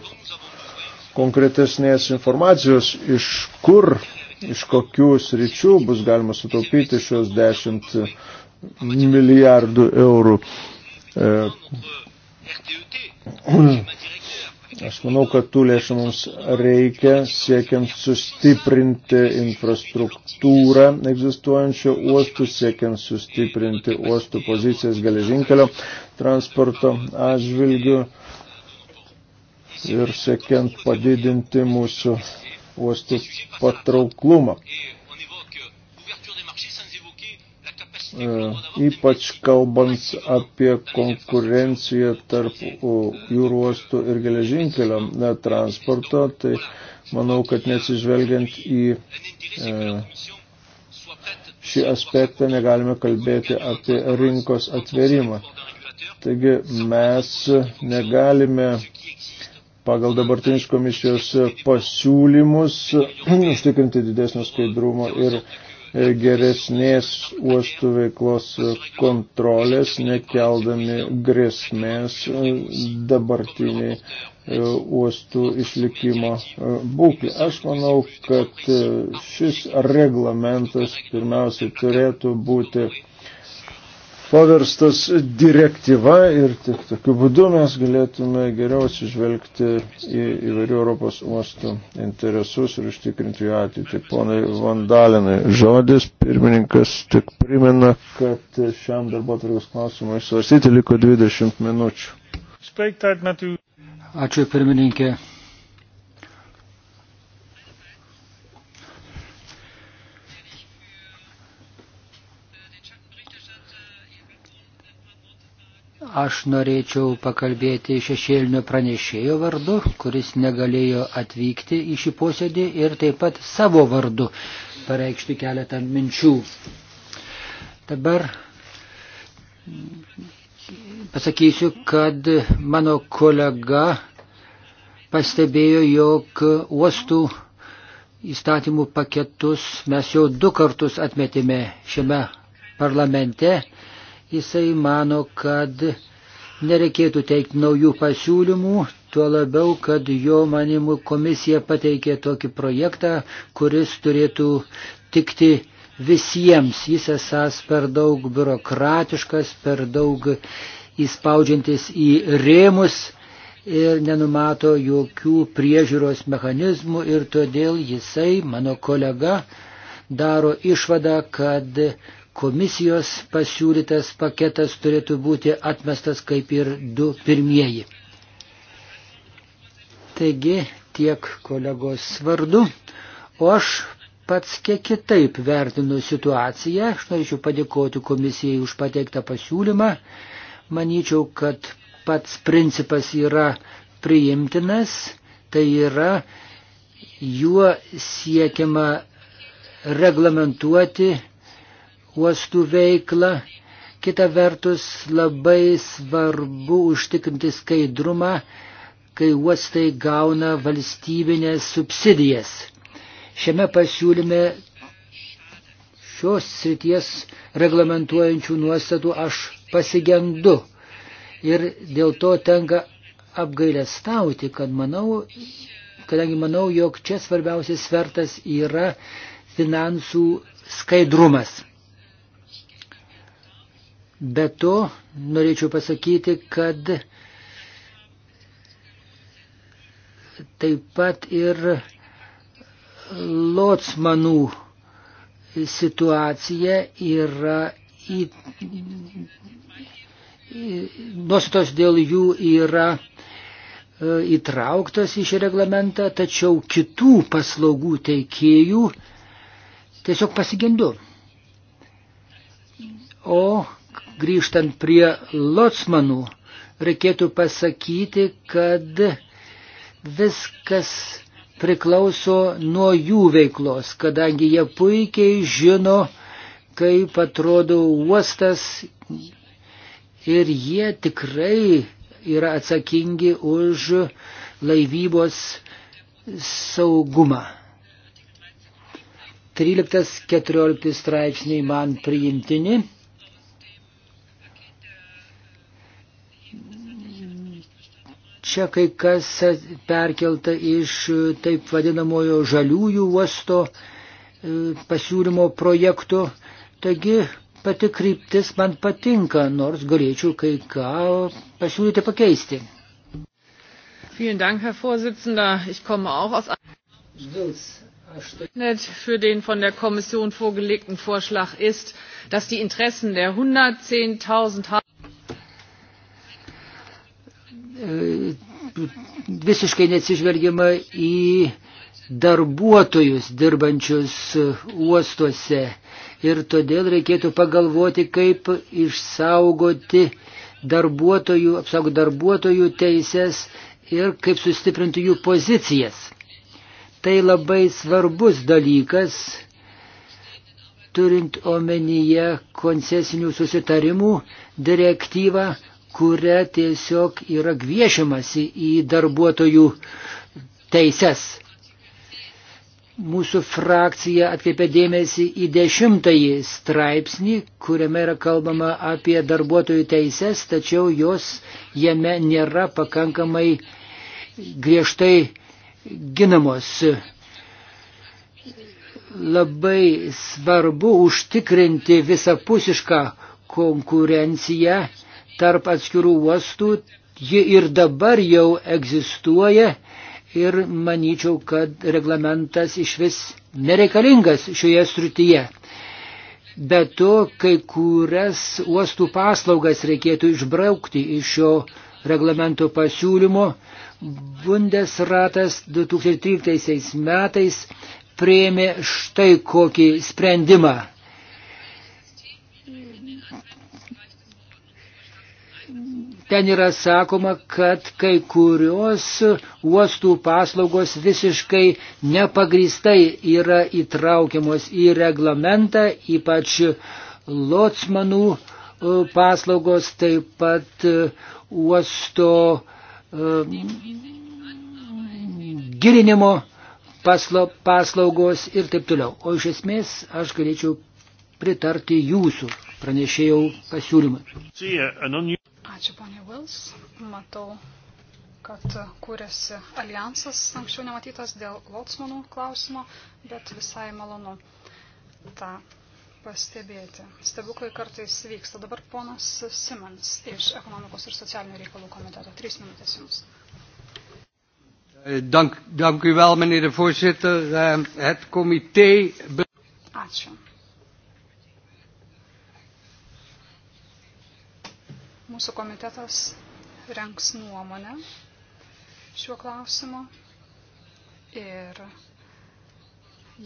konkretesnės informacijos, iš kur, iš kokių sričių bus galima sutaupyti šios 10 milijardų eurų. E, Hmm. Aš manau, kad tų lėšų mums reikia siekiant sustiprinti infrastruktūrą egzistuojančio uostų, siekiant sustiprinti uostų pozicijas geležinkelio transporto atžvilgių ir siekiant padidinti mūsų uostų patrauklumą. E, ypač kalbant apie konkurenciją tarp jūrų uostų ir geležinkelio e, transporto, tai manau, kad nesižvelgiant į e, šį aspektą negalime kalbėti apie rinkos atverimą. Taigi mes negalime pagal dabartinius komisijos pasiūlymus [CLEARS THROAT] užtikrinti didesnio skaidrumo ir uh, E, geresnės uostų veiklos kontrolės, nekeldami grėsmės e, dabartiniai e, uostų išlikimo būklė. Aš manau, kad šis reglamentas pirmiausiai turėtų būti paverstas direktyva ir tik tokiu būdu mes galėtume geriau atsižvelgti į įvairių Europos uostų interesus ir užtikrinti jų ateitį. Ponai Vandalinai, žodis pirmininkas tik primena, kad šiam darbotvarkos klausimui svarstyti liko 20
minučių. Ačiū pirmininkė. Aš norėčiau pakalbėti šešėlinio pranešėjo vardu, kuris negalėjo atvykti į šį posėdį ir taip pat savo vardu pareikšti keletą minčių. Dabar pasakysiu, kad mano kolega pastebėjo, jog uostų įstatymų paketus mes jau du kartus atmetėme šiame parlamente Jisai mano, kad nereikėtų teikti naujų pasiūlymų, tuo labiau, kad jo manimų komisija pateikė tokį projektą, kuris turėtų tikti visiems. Jis esas per daug biurokratiškas, per daug įspaudžiantis į rėmus ir nenumato jokių priežiūros mechanizmų ir todėl jisai, mano kolega, daro išvadą, kad komisijos pasiūlytas paketas turėtų būti atmestas kaip ir du pirmieji. Taigi tiek kolegos vardu, o aš pats kiek kitaip vertinu situaciją. Aš norėčiau padėkoti komisijai už pateiktą pasiūlymą. Manyčiau, kad pats principas yra priimtinas, tai yra juo siekiama reglamentuoti uostų veiklą. Kita vertus, labai svarbu užtikrinti skaidrumą, kai uostai gauna valstybinės subsidijas. Šiame pasiūlyme šios srities reglamentuojančių nuostatų aš pasigendu ir dėl to tenka apgailestauti, kad manau, kadangi manau, jog čia svarbiausias svertas yra finansų skaidrumas. Be to, norėčiau pasakyti, kad taip pat ir lotsmanų situacija yra į, nuostatos dėl jų yra e, įtrauktas į šį reglamentą, tačiau kitų paslaugų teikėjų tiesiog pasigendu. O grįžtant prie lotsmanų, reikėtų pasakyti, kad viskas priklauso nuo jų veiklos, kadangi jie puikiai žino, kaip atrodo uostas ir jie tikrai yra atsakingi už laivybos saugumą. 13-14 straipsniai man priimtini. Čia kai kas perkelta iš taip vadinamojo žaliųjų uosto e, pasiūlymo projektų. Taigi pati kryptis man patinka, nors galėčiau kai ką pasiūlyti pakeisti. Vielen Dank, Herr Vorsitzender. Ich komme auch aus Internet tai- für den von der Kommission vorgelegten Vorschlag
ist, dass die Interessen der 110.000
visiškai neatsižvelgiama į darbuotojus dirbančius uostuose. Ir todėl reikėtų pagalvoti, kaip išsaugoti darbuotojų, apsaugoti darbuotojų teises ir kaip sustiprinti jų pozicijas. Tai labai svarbus dalykas, turint omenyje koncesinių susitarimų direktyvą, kuria tiesiog yra griežimasi į darbuotojų teises. Mūsų frakcija atkreipė dėmesį į dešimtąjį straipsnį, kuriame yra kalbama apie darbuotojų teises, tačiau jos jame nėra pakankamai griežtai ginamos. Labai svarbu užtikrinti visapusišką konkurenciją tarp atskirų uostų, ji ir dabar jau egzistuoja ir manyčiau, kad reglamentas iš vis nereikalingas šioje srityje. Be to, kai kurias uostų paslaugas reikėtų išbraukti iš šio reglamento pasiūlymo, Bundesratas 2013 metais prieėmė štai kokį sprendimą. Ten yra sakoma, kad kai kurios uostų paslaugos visiškai nepagristai yra įtraukiamos į reglamentą, ypač lotsmanų e, paslaugos, taip pat e, uosto e, gilinimo paslaugos ir taip toliau. O iš esmės aš galėčiau pritarti jūsų pranešėjau
pasiūlymui.
Ačiū, ponė Vils. Matau, kad kūrėsi alijansas anksčiau nematytas dėl Lotsmanų klausimo, bet visai malonu tą pastebėti. Stebuklai kartais vyksta. Dabar ponas Simons iš ekonomikos ir socialinių reikalų komiteto. Trys minutės jums.
Dank, dank u wel, meneer de voorzitter. Eh, het comité.
Ačiū, Mūsų komitetas renks nuomonę šiuo klausimu ir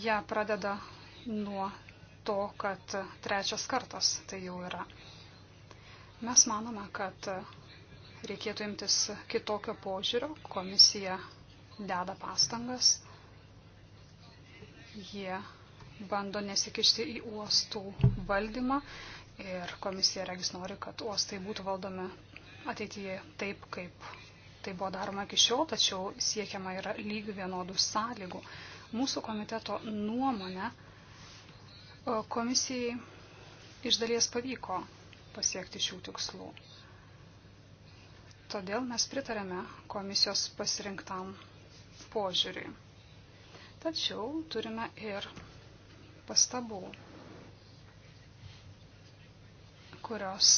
ją pradeda nuo to, kad trečias kartas tai jau yra. Mes manome, kad reikėtų imtis kitokio požiūrio, komisija deda pastangas, jie bando nesikišti į uostų valdymą, ir komisija regis nori, kad uostai būtų valdomi ateityje taip, kaip tai buvo daroma iki šiol, tačiau siekiama yra lygių vienodų sąlygų. Mūsų komiteto nuomonė e, komisijai iš dalies pavyko pasiekti šių tikslų. Todėl mes pritarėme komisijos pasirinktam požiūriui. Tačiau turime ir pastabų kurios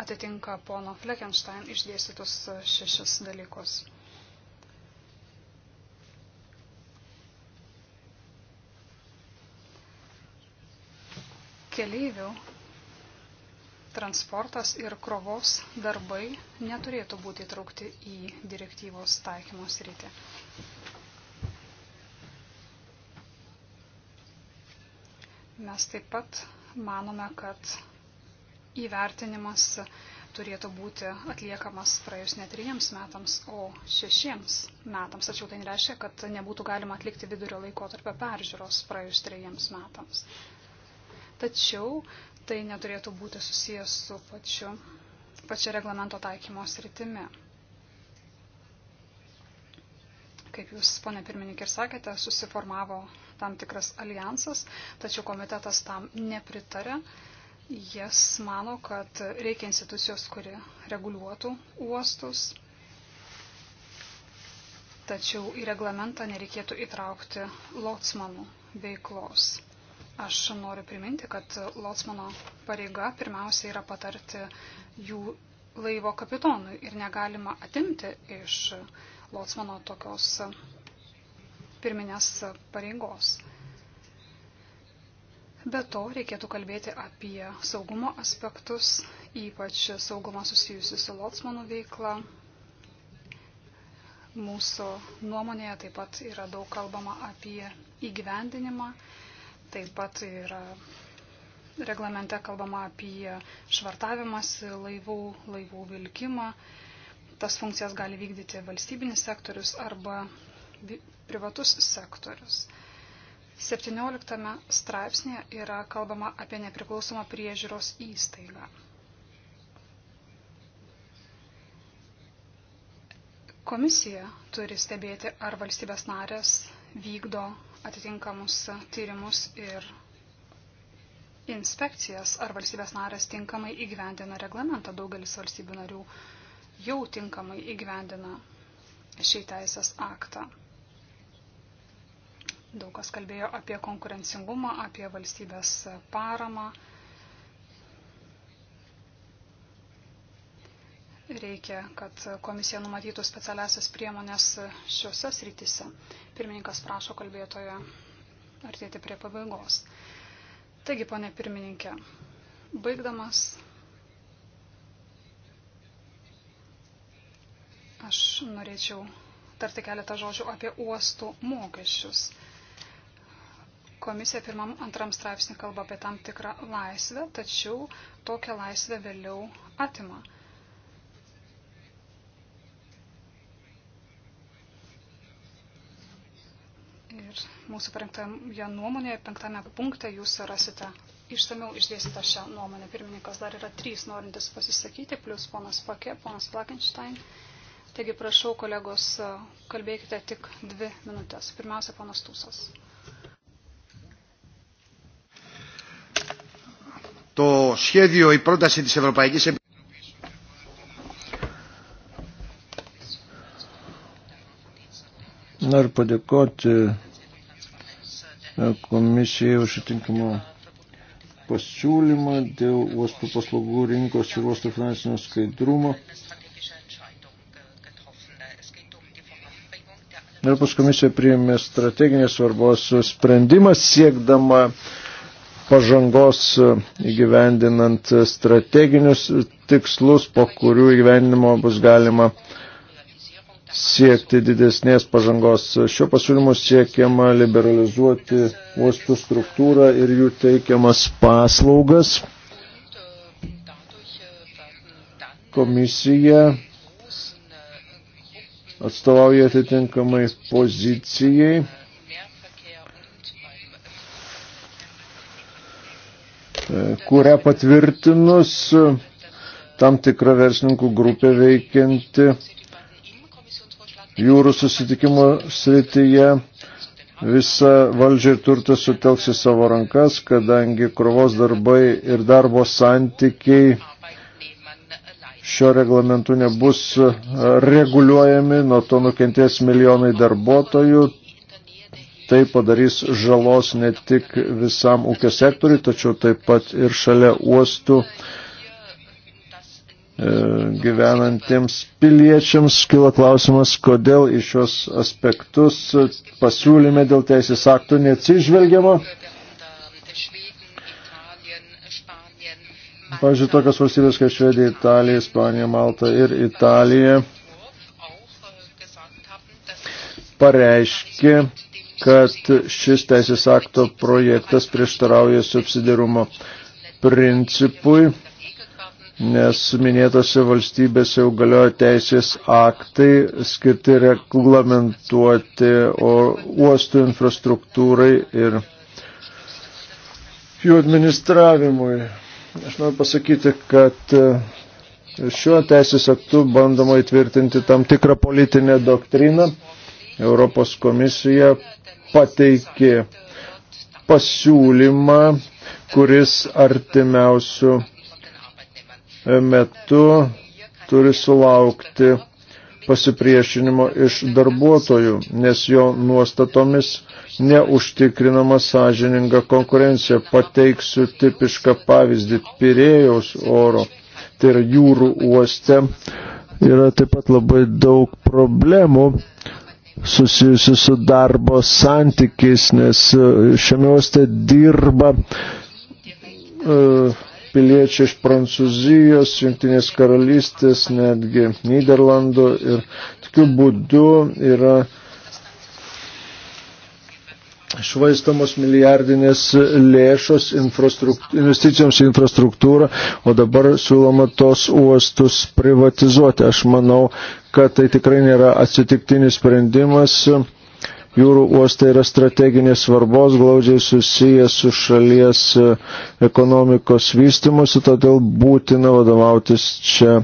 atitinka pono Fleckenstein išdėstytus šešis dalykus. Keleivių transportas ir krovos darbai neturėtų būti įtraukti į direktyvos taikymos rytį. Mes taip pat manome, kad įvertinimas turėtų būti atliekamas praėjus ne trijiems metams, o šešiems metams. Tačiau tai nereiškia, kad nebūtų galima atlikti vidurio laiko tarp peržiūros praėjus trejiems metams. Tačiau tai neturėtų būti susijęs su pačiu, pačia reglamento taikymo sritimi. Kaip jūs, ponė pirmininkė, ir sakėte, susiformavo tam tikras alijansas, tačiau komitetas tam nepritarė. Jas mano, kad reikia institucijos, kuri reguliuotų uostus, tačiau į reglamentą nereikėtų įtraukti lotsmanų veiklos. Aš noriu priminti, kad lotsmano pareiga pirmiausia yra patarti jų laivo kapitonui ir negalima atimti iš lotsmano tokios pirminės pareigos. Be to reikėtų kalbėti apie saugumo aspektus, ypač saugumą susijusi su Lotsmanų veikla. Mūsų nuomonėje taip pat yra daug kalbama apie įgyvendinimą, taip pat yra reglamente kalbama apie švartavimas laivų, laivų vilkimą. Tas funkcijas gali vykdyti valstybinis sektorius arba privatus sektorius. 17 straipsnėje yra kalbama apie nepriklausomą priežiūros įstaigą. Komisija turi stebėti, ar valstybės narės vykdo atitinkamus tyrimus ir inspekcijas, ar valstybės narės tinkamai įgyvendina reglamentą. Daugelis valstybių narių jau tinkamai įgyvendina šį teisės aktą. Daug kas kalbėjo apie konkurencingumą, apie valstybės paramą. Reikia, kad komisija numatytų specialiasias priemonės šiuose srityse. Pirmininkas prašo kalbėtojo artėti prie pabaigos. Taigi, ponė pirmininkė, baigdamas aš norėčiau tarti keletą žodžių apie uostų mokesčius. Komisija pirmam antram straipsnį kalba apie tam tikrą laisvę, tačiau tokią laisvę vėliau atima. Ir mūsų penktame nuomonėje, penktame punkte jūs rasite išsameu išdėstytą šią nuomonę. Pirmininkas dar yra trys norintis pasisakyti, plus ponas Pakė, ponas Flakenstein. Taigi prašau, kolegos, kalbėkite tik dvi minutės. Pirmiausia, ponas Tūsas.
το σχέδιο, η πρόταση της Ευρωπαϊκής Επιτροπής.
Noriu padėkoti komisijai už atinkamą pasiūlymą dėl uostų paslaugų rinkos ir uostų finansinio skaidrumo. Europos komisija priėmė strateginės svarbos sprendimą siekdama uh, pažangos e, įgyvendinant e, strateginius tikslus, po kurių įgyvendinimo bus galima siekti didesnės pažangos. Šiuo pasiūlymu siekiama liberalizuoti uostų struktūrą ir jų teikiamas paslaugas. Komisija atstovauja atitinkamai pozicijai kurią patvirtinus tam tikrą verslininkų grupę veikianti jūrų susitikimo srityje visą valdžią ir turtą sutelks į savo rankas, kadangi krovos darbai ir darbo santykiai šio reglamentu nebus reguliuojami, nuo to nukentės milijonai darbuotojų, tai padarys žalos ne tik visam ūkio sektoriui, tačiau taip pat ir šalia uostų e, gyvenantiems piliečiams kila klausimas, kodėl į šios aspektus pasiūlyme dėl teisės aktų neatsižvelgiama. Pavyzdžiui, tokios valstybės kaip Švedija, Italija, Ispanija, Malta ir Italija pareiškė, kad šis teisės akto projektas prieštarauja subsidirumo principui, nes minėtose valstybėse jau galioja teisės aktai skirti reglamentuoti uostų infrastruktūrai ir jų administravimui. Aš noriu pasakyti, kad šiuo teisės aktu bandoma įtvirtinti tam tikrą politinę doktriną. Europos komisija pateikė pasiūlymą, kuris artimiausių metu turi sulaukti pasipriešinimo iš darbuotojų, nes jo nuostatomis neužtikrinama sąžininga konkurencija. Pateiksiu tipišką pavyzdį Pirėjaus oro, tai yra jūrų uoste. Yra taip pat labai daug problemų susijusi su darbo santykiais, nes e, šiame uoste dirba e, piliečiai iš Prancūzijos, Junktinės karalystės, netgi Niderlandų ir tokiu būdu yra švaistamos milijardinės lėšos investicijoms į infrastruktūrą, o dabar siūloma tos uostus privatizuoti. Aš manau, kad tai tikrai nėra atsitiktinis sprendimas. Jūrų uostai yra strateginės svarbos, glaudžiai susijęs su šalies e, ekonomikos vystimusi, todėl būtina vadovautis čia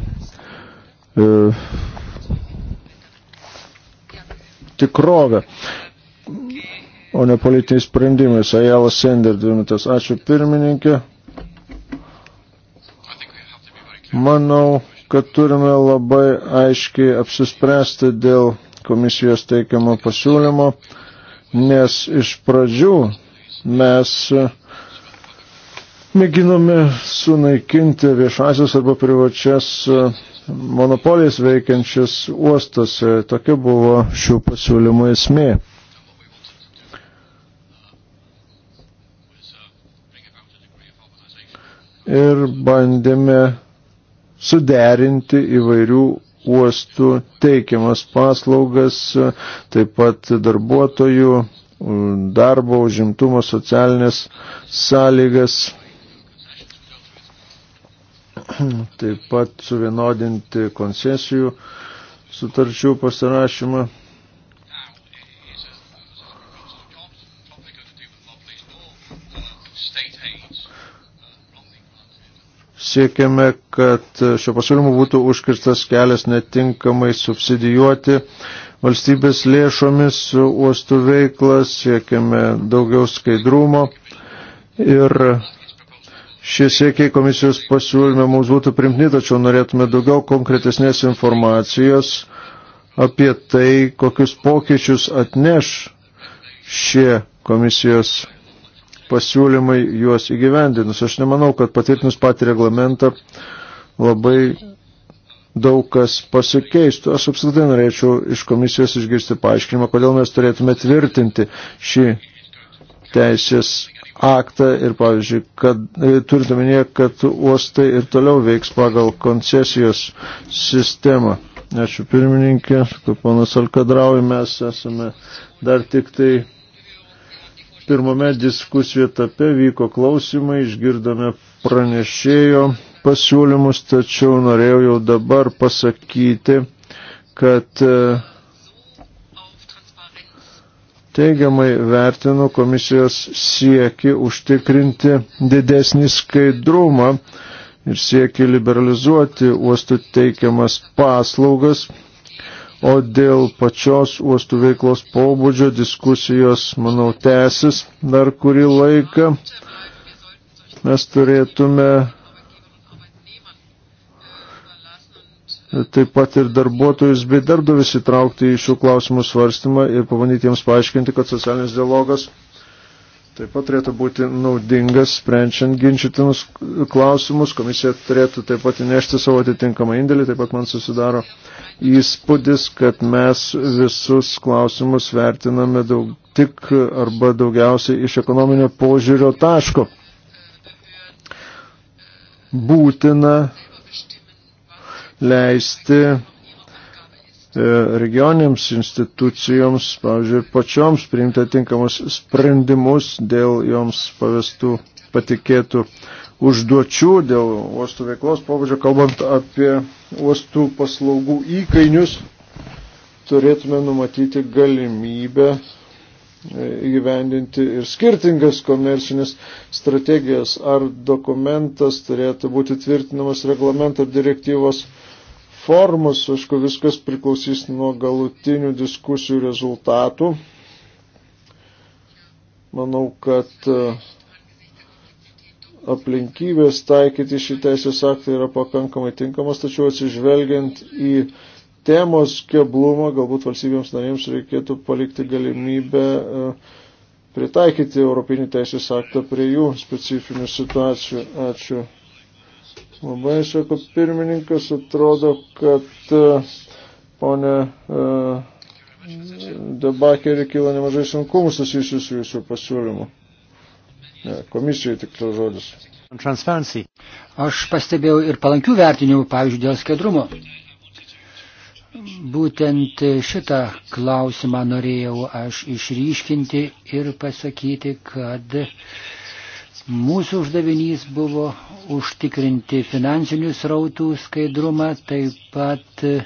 e, tikrovę o ne politiniais sprendimais. Ajala Sender, dvi minutės. Ačiū pirmininkė. Manau, kad turime labai aiškiai apsispręsti dėl komisijos teikiamo pasiūlymo, nes iš pradžių mes mėginome sunaikinti viešasias arba privačias monopolijas veikiančias uostas. Tokia buvo šių pasiūlymų esmė. ir bandėme suderinti įvairių uostų teikiamas paslaugas, taip pat darbuotojų, darbo, užimtumo, socialinės sąlygas, taip pat suvienodinti koncesijų sutarčių pasirašymą. Siekiame, kad šio pasiūlymo būtų užkirstas kelias netinkamai subsidijuoti valstybės lėšomis uostų veiklą, siekiame daugiau skaidrumo ir Šie siekiai komisijos pasiūlyme mums būtų primtini, tačiau norėtume daugiau konkretesnės informacijos apie tai, kokius pokyčius atneš šie komisijos pasiūlymai juos įgyvendinus. Aš nemanau, kad patvirtinus patį reglamentą labai daug kas pasikeistų. Aš apskritai norėčiau iš komisijos išgirsti paaiškinimą, kodėl mes turėtume tvirtinti šį teisės aktą ir, pavyzdžiui, kad e, turite minėję, kad uostai ir toliau veiks pagal koncesijos sistemą. Ačiū pirmininkė, kaip panas Alkadraui, mes esame dar tik tai pirmame diskusijų etape vyko klausimai, išgirdome pranešėjo pasiūlymus, tačiau norėjau jau dabar pasakyti, kad e, teigiamai vertinu komisijos sieki užtikrinti didesnį skaidrumą ir sieki liberalizuoti uostų teikiamas paslaugas O dėl pačios uostų veiklos pobūdžio diskusijos, manau, tęsis dar kurį laiką. Mes turėtume taip pat ir darbuotojus bei darbdavis įtraukti į šių klausimų svarstymą ir pabandyti jiems paaiškinti, kad socialinis dialogas taip pat turėtų būti naudingas sprendžiant ginčytinus klausimus. Komisija turėtų taip pat įnešti savo atitinkamą indėlį. Taip pat man susidaro įspūdis, kad mes visus klausimus vertiname daug, tik arba daugiausiai iš ekonominio požiūrio taško. Būtina leisti E, regioniams institucijoms, pavyzdžiui, pačioms priimti atinkamus sprendimus dėl joms pavestų patikėtų užduočių, dėl uostų veiklos pobūdžio, kalbant apie uostų paslaugų įkainius, turėtume numatyti galimybę e, įgyvendinti ir skirtingas komercinės strategijas, ar dokumentas turėtų būti tvirtinamas reglamento direktyvos formos, aišku, viskas priklausys nuo galutinių diskusijų rezultatų. Manau, kad e, aplinkybės taikyti šį teisės aktą yra pakankamai tinkamas, tačiau atsižvelgiant į temos keblumą, galbūt valstybėms narėms reikėtų palikti galimybę e, pritaikyti Europinį teisės aktą prie jų specifinių situacijų. Ačiū. Labai, sako pirmininkas, atrodo, kad e, ponė e, debakerį kilo nemažai sunkumų susijusių
su jūsų pasiūlymu. Ne, komisijai tik to žodis. Transparency. Aš pastebėjau ir palankių vertinimų, pavyzdžiui, dėl skaidrumo. Būtent šitą klausimą norėjau aš išryškinti ir pasakyti, kad uh, Mūsų uždavinys buvo užtikrinti finansinių srautų skaidrumą, taip pat e,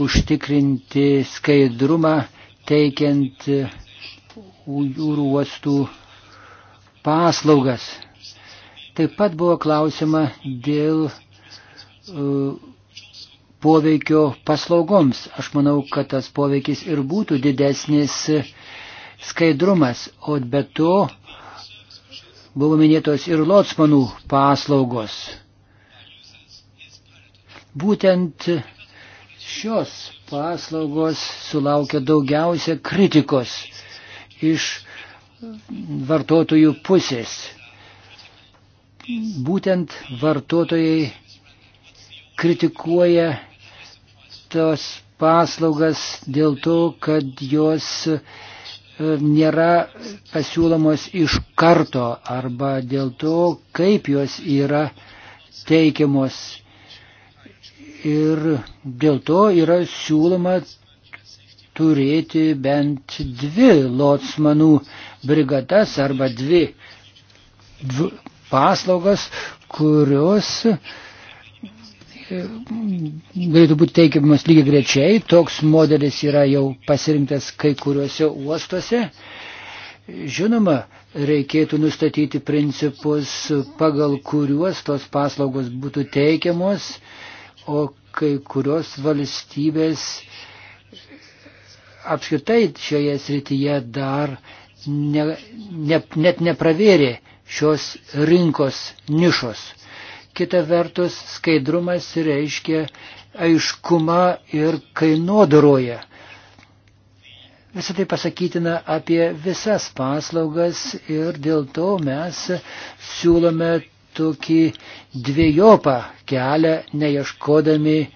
užtikrinti skaidrumą teikiant e, jūrų uostų paslaugas. Taip pat buvo klausima dėl e, poveikio paslaugoms. Aš manau, kad tas poveikis ir būtų didesnis skaidrumas, o be to Buvo minėtos ir lotsmanų paslaugos. Būtent šios paslaugos sulaukia daugiausia kritikos iš vartotojų pusės. Būtent vartotojai kritikuoja tos paslaugas dėl to, kad jos uh, nėra pasiūlomos iš karto arba dėl to, kaip jos yra teikiamos. Ir dėl to yra siūloma turėti bent dvi lotsmanų brigadas arba dvi, dvi paslaugas, kurios uh, galėtų būti teikiamas lygiai grečiai. Toks modelis yra jau pasirinktas kai kuriuose uostuose. Žinoma, reikėtų nustatyti principus, pagal kuriuos tos paslaugos būtų teikiamos, o kai kurios valstybės apskritai šioje srityje dar ne, ne, net nepravėrė šios rinkos nišos. Kita vertus, skaidrumas reiškia aiškumą ir kainodaroje. Visą tai pasakytina apie visas paslaugas ir dėl to mes siūlome tokį dviejopą kelią, neieškodami e,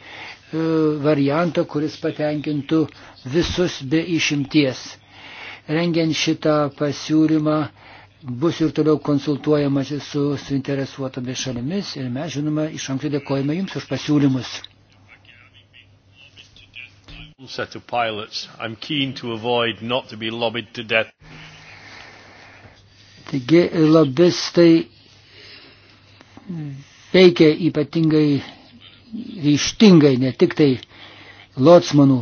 varianto, kuris patenkintų visus be išimties. Rengiant šitą pasiūlymą bus ir toliau konsultuojamasi su suinteresuotomis šalimis ir mes, žinoma, iš anksto dėkojame Jums už pasiūlymus.
Set of pilots. I'm keen to avoid not to be lobbied to death.
Taigi lobistai veikia ypatingai ryštingai, ne tik tai lotsmanų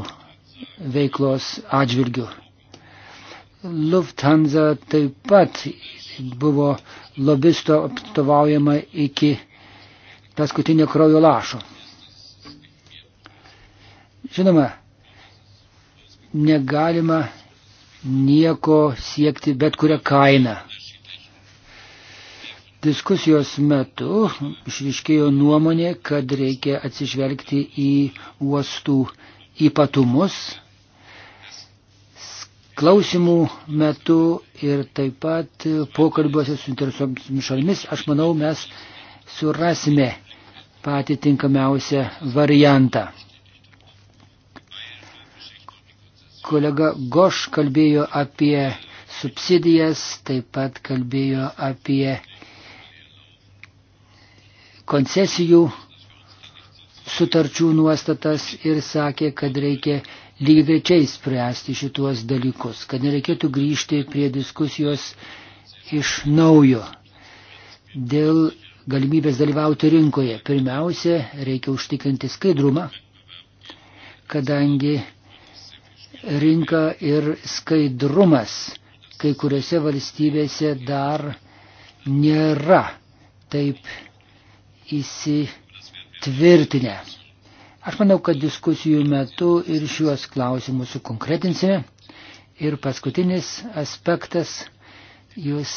veiklos atžvilgių. Lufthansa taip pat buvo lobisto aptovaujama iki paskutinio kraujo lašo. Žinoma, negalima nieko siekti bet kurią kainą. Diskusijos metu išriškėjo nuomonė, kad reikia atsižvelgti į uostų ypatumus klausimų metu ir taip pat pokalbiuose su interesuomis šalimis, aš manau, mes surasime patį tinkamiausią variantą. Kolega Goš kalbėjo apie subsidijas, taip pat kalbėjo apie koncesijų sutarčių nuostatas ir sakė, kad reikia lygvečiai spręsti šituos dalykus, kad nereikėtų grįžti prie diskusijos iš naujo dėl galimybės dalyvauti rinkoje. Pirmiausia, reikia užtikrinti skaidrumą, kadangi rinka ir skaidrumas kai kuriuose valstybėse dar nėra taip įsitvirtinę. Aš manau, kad diskusijų metu ir šiuos klausimus sukonkretinsime. Ir paskutinis aspektas, jūs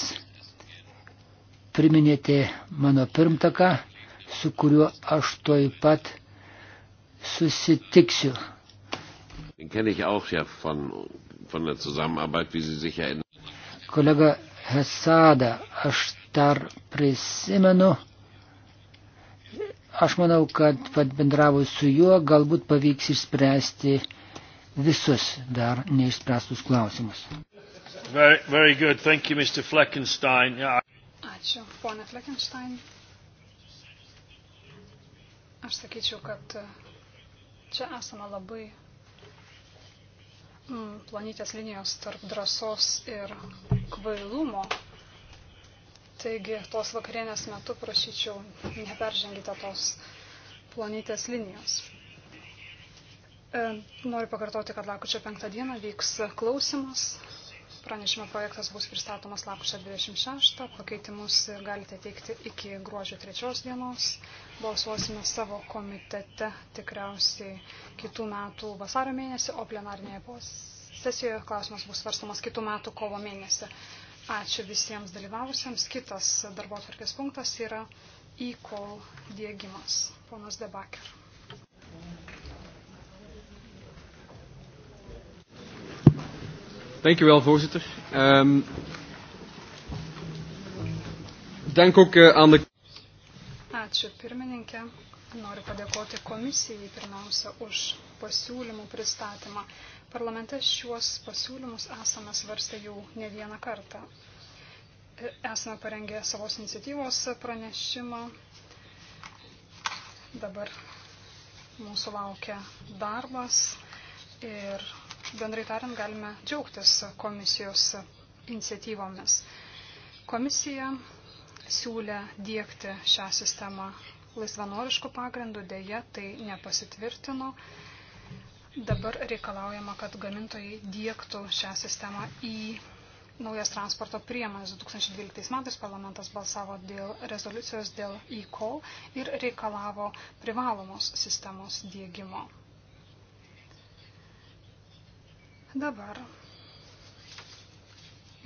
priminėte mano pirmtaką, su kuriuo aš toj pat susitiksiu.
Auch, ja, von, von
Kolega Hesada, aš dar prisimenu, Aš manau, kad pat bendravus su juo galbūt pavyks išspręsti visus dar neišspręstus klausimus.
Very, very good. Thank you, Mr. Fleckenstein. Yeah.
Ačiū, ponė Fleckenstein. Aš sakyčiau, kad e, čia esame labai planytės linijos tarp drąsos ir kvailumo Taigi tos vakarienės metu prašyčiau, neperžengite tos plonytės linijos. E, noriu pakartoti, kad lakučio 5 dieną vyks klausimas. Pranešimo projektas bus pristatomas lakučio 26, pakeitimus galite teikti iki gruodžio 3 dienos. Balsuosime savo komitete tikriausiai kitų metų vasario mėnesį, o plenarinėje sesijoje klausimas bus svarstamas kitų metų kovo mėnesį. Ačiū visiems dalyvavusiems. Kitas darbo atvarkės punktas yra e-call dėgymas. Ponas Debaker.
Dank u wel, voorzitter. Um, ehm, dank ook uh, aan de
Ačiū pirmininkė. Noriu padėkoti komisijai pirmiausia už pasiūlymų pristatymą. Parlamente šiuos pasiūlymus esame svarstę jau ne vieną kartą. Esame parengę savos iniciatyvos pranešimą. Dabar mūsų laukia darbas ir bendrai tariant galime džiaugtis komisijos iniciatyvomis. Komisija siūlė dėkti šią sistemą laisvanoriškų pagrindų, dėja tai nepasitvirtino. Dabar reikalaujama, kad gamintojai dėktų šią sistemą į naujas transporto priemonės. 2012 metais parlamentas balsavo dėl rezoliucijos dėl e-call ir reikalavo privalomos sistemos dėgymo. Dabar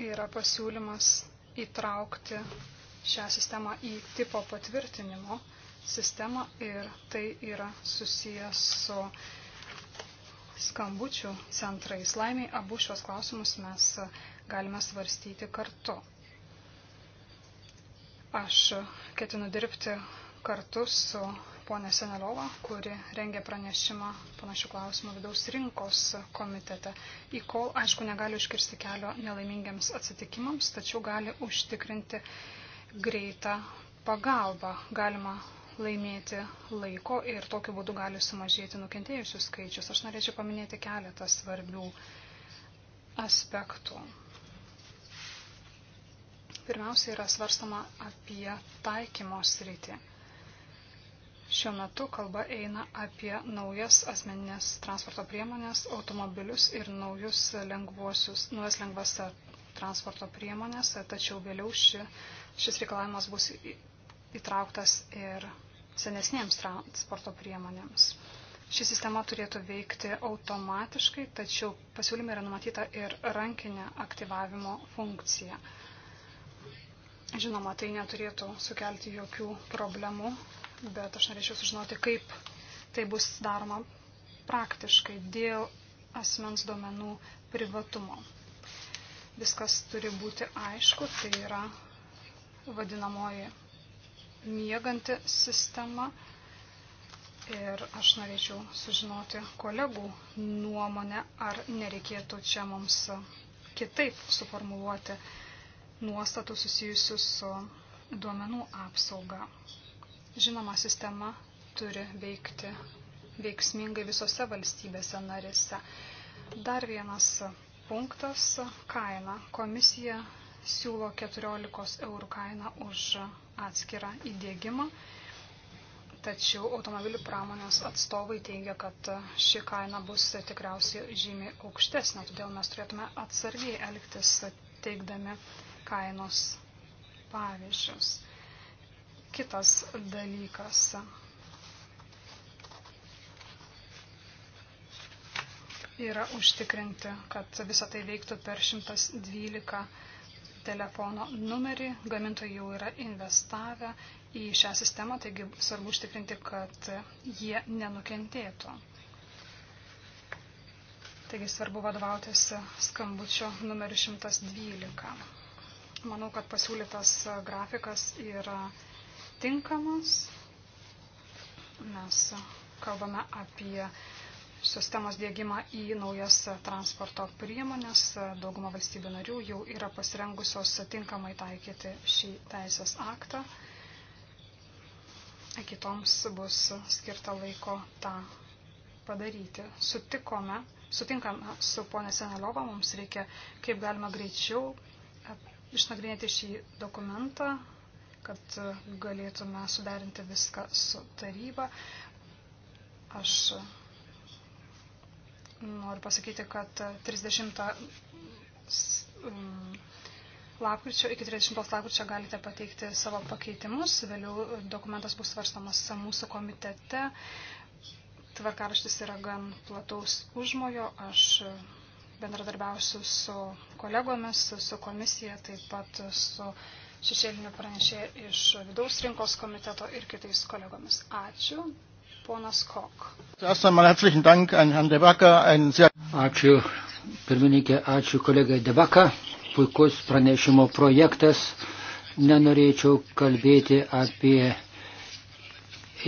yra pasiūlymas įtraukti šią sistemą į tipo patvirtinimo sistemą ir tai yra susijęs su skambučių centrais. Laimiai abu šios klausimus mes galime svarstyti kartu. Aš ketinu dirbti kartu su ponė Senelova, kuri rengė pranešimą panašių klausimų vidaus rinkos komitete. Į kol, aišku, negali užkirsti kelio nelaimingiams atsitikimams, tačiau gali užtikrinti greitą pagalbą. Galima laimėti laiko ir tokiu būdu gali sumažėti nukentėjusių skaičius. Aš norėčiau paminėti keletą svarbių aspektų. Pirmiausia yra svarstama apie taikymo sritį. Šiuo metu kalba eina apie naujas asmeninės transporto priemonės, automobilius ir naujus lengvuosius, naujas lengvas transporto priemonės, tačiau vėliau ši šis reikalavimas bus įtrauktas ir senesnėms transporto priemonėms. Ši sistema turėtų veikti automatiškai, tačiau pasiūlyme yra numatyta ir rankinė aktyvavimo funkcija. Žinoma, tai neturėtų sukelti jokių problemų, bet aš norėčiau sužinoti, kaip tai bus daroma praktiškai dėl asmens duomenų privatumo. Viskas turi būti aišku, tai yra vadinamoji mieganti sistema. Ir aš norėčiau sužinoti kolegų nuomonę, ar nereikėtų čia mums kitaip suformuluoti nuostatų susijusių su duomenų apsauga. Žinoma, sistema turi veikti veiksmingai visose valstybėse narėse. Dar vienas punktas - kaina. Komisija siūlo 14 eurų kainą už atskirą įdėgymą, tačiau automobilių pramonės atstovai teigia, kad ši kaina bus tikriausiai žymiai aukštesnė, todėl mes turėtume atsargiai elgtis teikdami kainos pavyzdžius. Kitas dalykas. yra užtikrinti, kad visa tai veiktų per 112 telefono numerį. Gamintojai jau yra investavę į šią sistemą, taigi svarbu užtikrinti, kad jie nenukentėtų. Taigi svarbu vadovautis skambučio numeriu 112. Manau, kad pasiūlytas grafikas yra tinkamas. Mes kalbame apie sistemos dėgymą į naujas transporto priemonės. Dauguma valstybių narių jau yra pasirengusios tinkamai taikyti šį teisės aktą. Kitoms bus skirta laiko tą padaryti. Sutikome, sutinkame su ponė Seneliova, mums reikia kaip galima greičiau e, išnagrinėti šį dokumentą, kad galėtume suderinti viską su taryba. Aš Noriu pasakyti, kad 30 lapkričio, iki 30 lapkričio galite pateikti savo pakeitimus, vėliau dokumentas bus svarstamas mūsų komitete. Tvarkaraštis yra gan plataus užmojo, aš bendradarbiausiu su kolegomis, su komisija, taip pat su šešėliniu pranešėju iš vidaus rinkos komiteto ir kitais kolegomis. Ačiū ponas Kok.
Ačiū pirmininkė, ačiū kolegai Debaka, puikus pranešimo projektas. Nenorėčiau kalbėti apie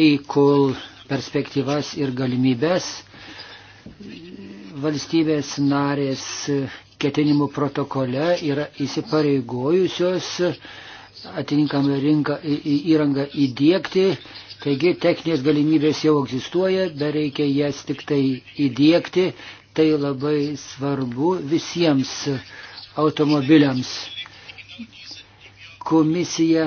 eikol perspektyvas ir galimybės. Valstybės narės ketinimų protokole yra įsipareigojusios atitinkamą rinką, įrangą įdėkti. Taigi techninės galimybės jau egzistuoja, dar reikia jas tik tai įdėkti. Tai labai svarbu visiems automobiliams. Komisija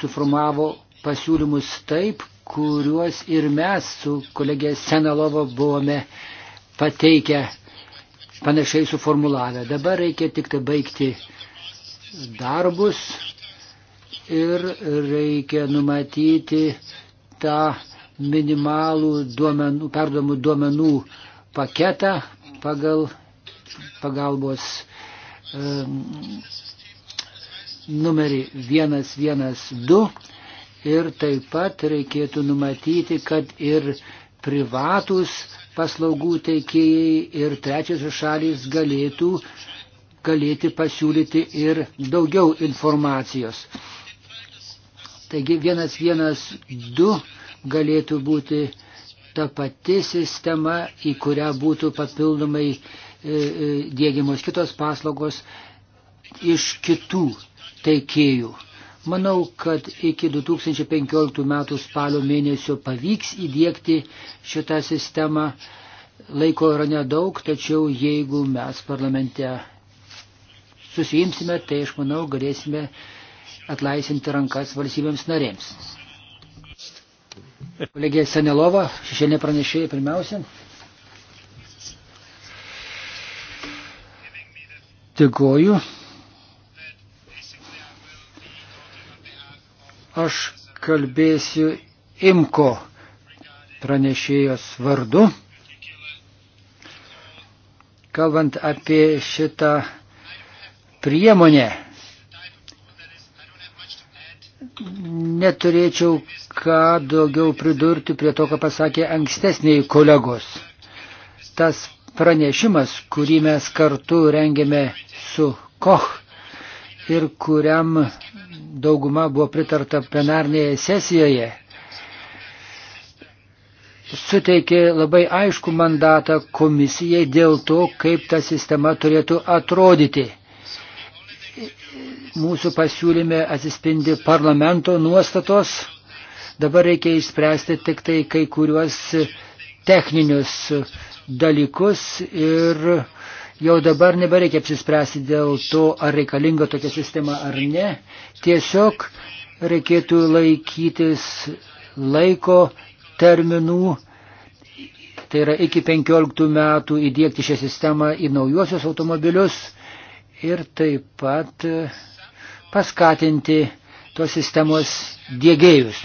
suformavo pasiūlymus taip, kuriuos ir mes su kolegė Senalovo buvome pateikę panašiai suformulavę. Dabar reikia tik tai baigti darbus ir reikia numatyti tą minimalų duomenų, perdomų duomenų paketą pagal pagalbos um, numerį 112 ir taip pat reikėtų numatyti, kad ir privatus paslaugų teikėjai ir trečiosios šalys galėtų uh, galėti pasiūlyti ir daugiau informacijos. Taigi vienas vienas du galėtų būti ta pati sistema, į kurią būtų papildomai e, e, dėgiamos kitos paslaugos iš kitų teikėjų. Manau, kad iki 2015 metų spalio mėnesio pavyks įdėkti šitą sistemą. Laiko yra nedaug, tačiau jeigu mes parlamente susijimsime, tai aš manau galėsime atlaisinti rankas valstybėms narėms. Kolegė Senelova, šešėlė pranešėjai pirmiausia. Dėkoju. Aš kalbėsiu Imko pranešėjos vardu. Kalbant apie šitą priemonė. Neturėčiau ką daugiau pridurti prie to, ką pasakė ankstesniai kolegos. Tas pranešimas, kurį mes kartu rengėme su Koch ir kuriam dauguma buvo pritarta plenarnėje sesijoje, suteikė labai aišku mandatą komisijai dėl to, kaip ta sistema turėtų atrodyti mūsų pasiūlyme atsispindi parlamento nuostatos. Dabar reikia išspręsti tik tai kai kuriuos techninius dalykus ir jau dabar nebereikia apsispręsti dėl to, ar reikalinga tokia sistema ar ne. Tiesiog reikėtų laikytis laiko terminų tai yra iki 15 metų įdėkti šią sistemą į naujosios automobilius ir taip pat e, paskatinti tos sistemos dėgėjus.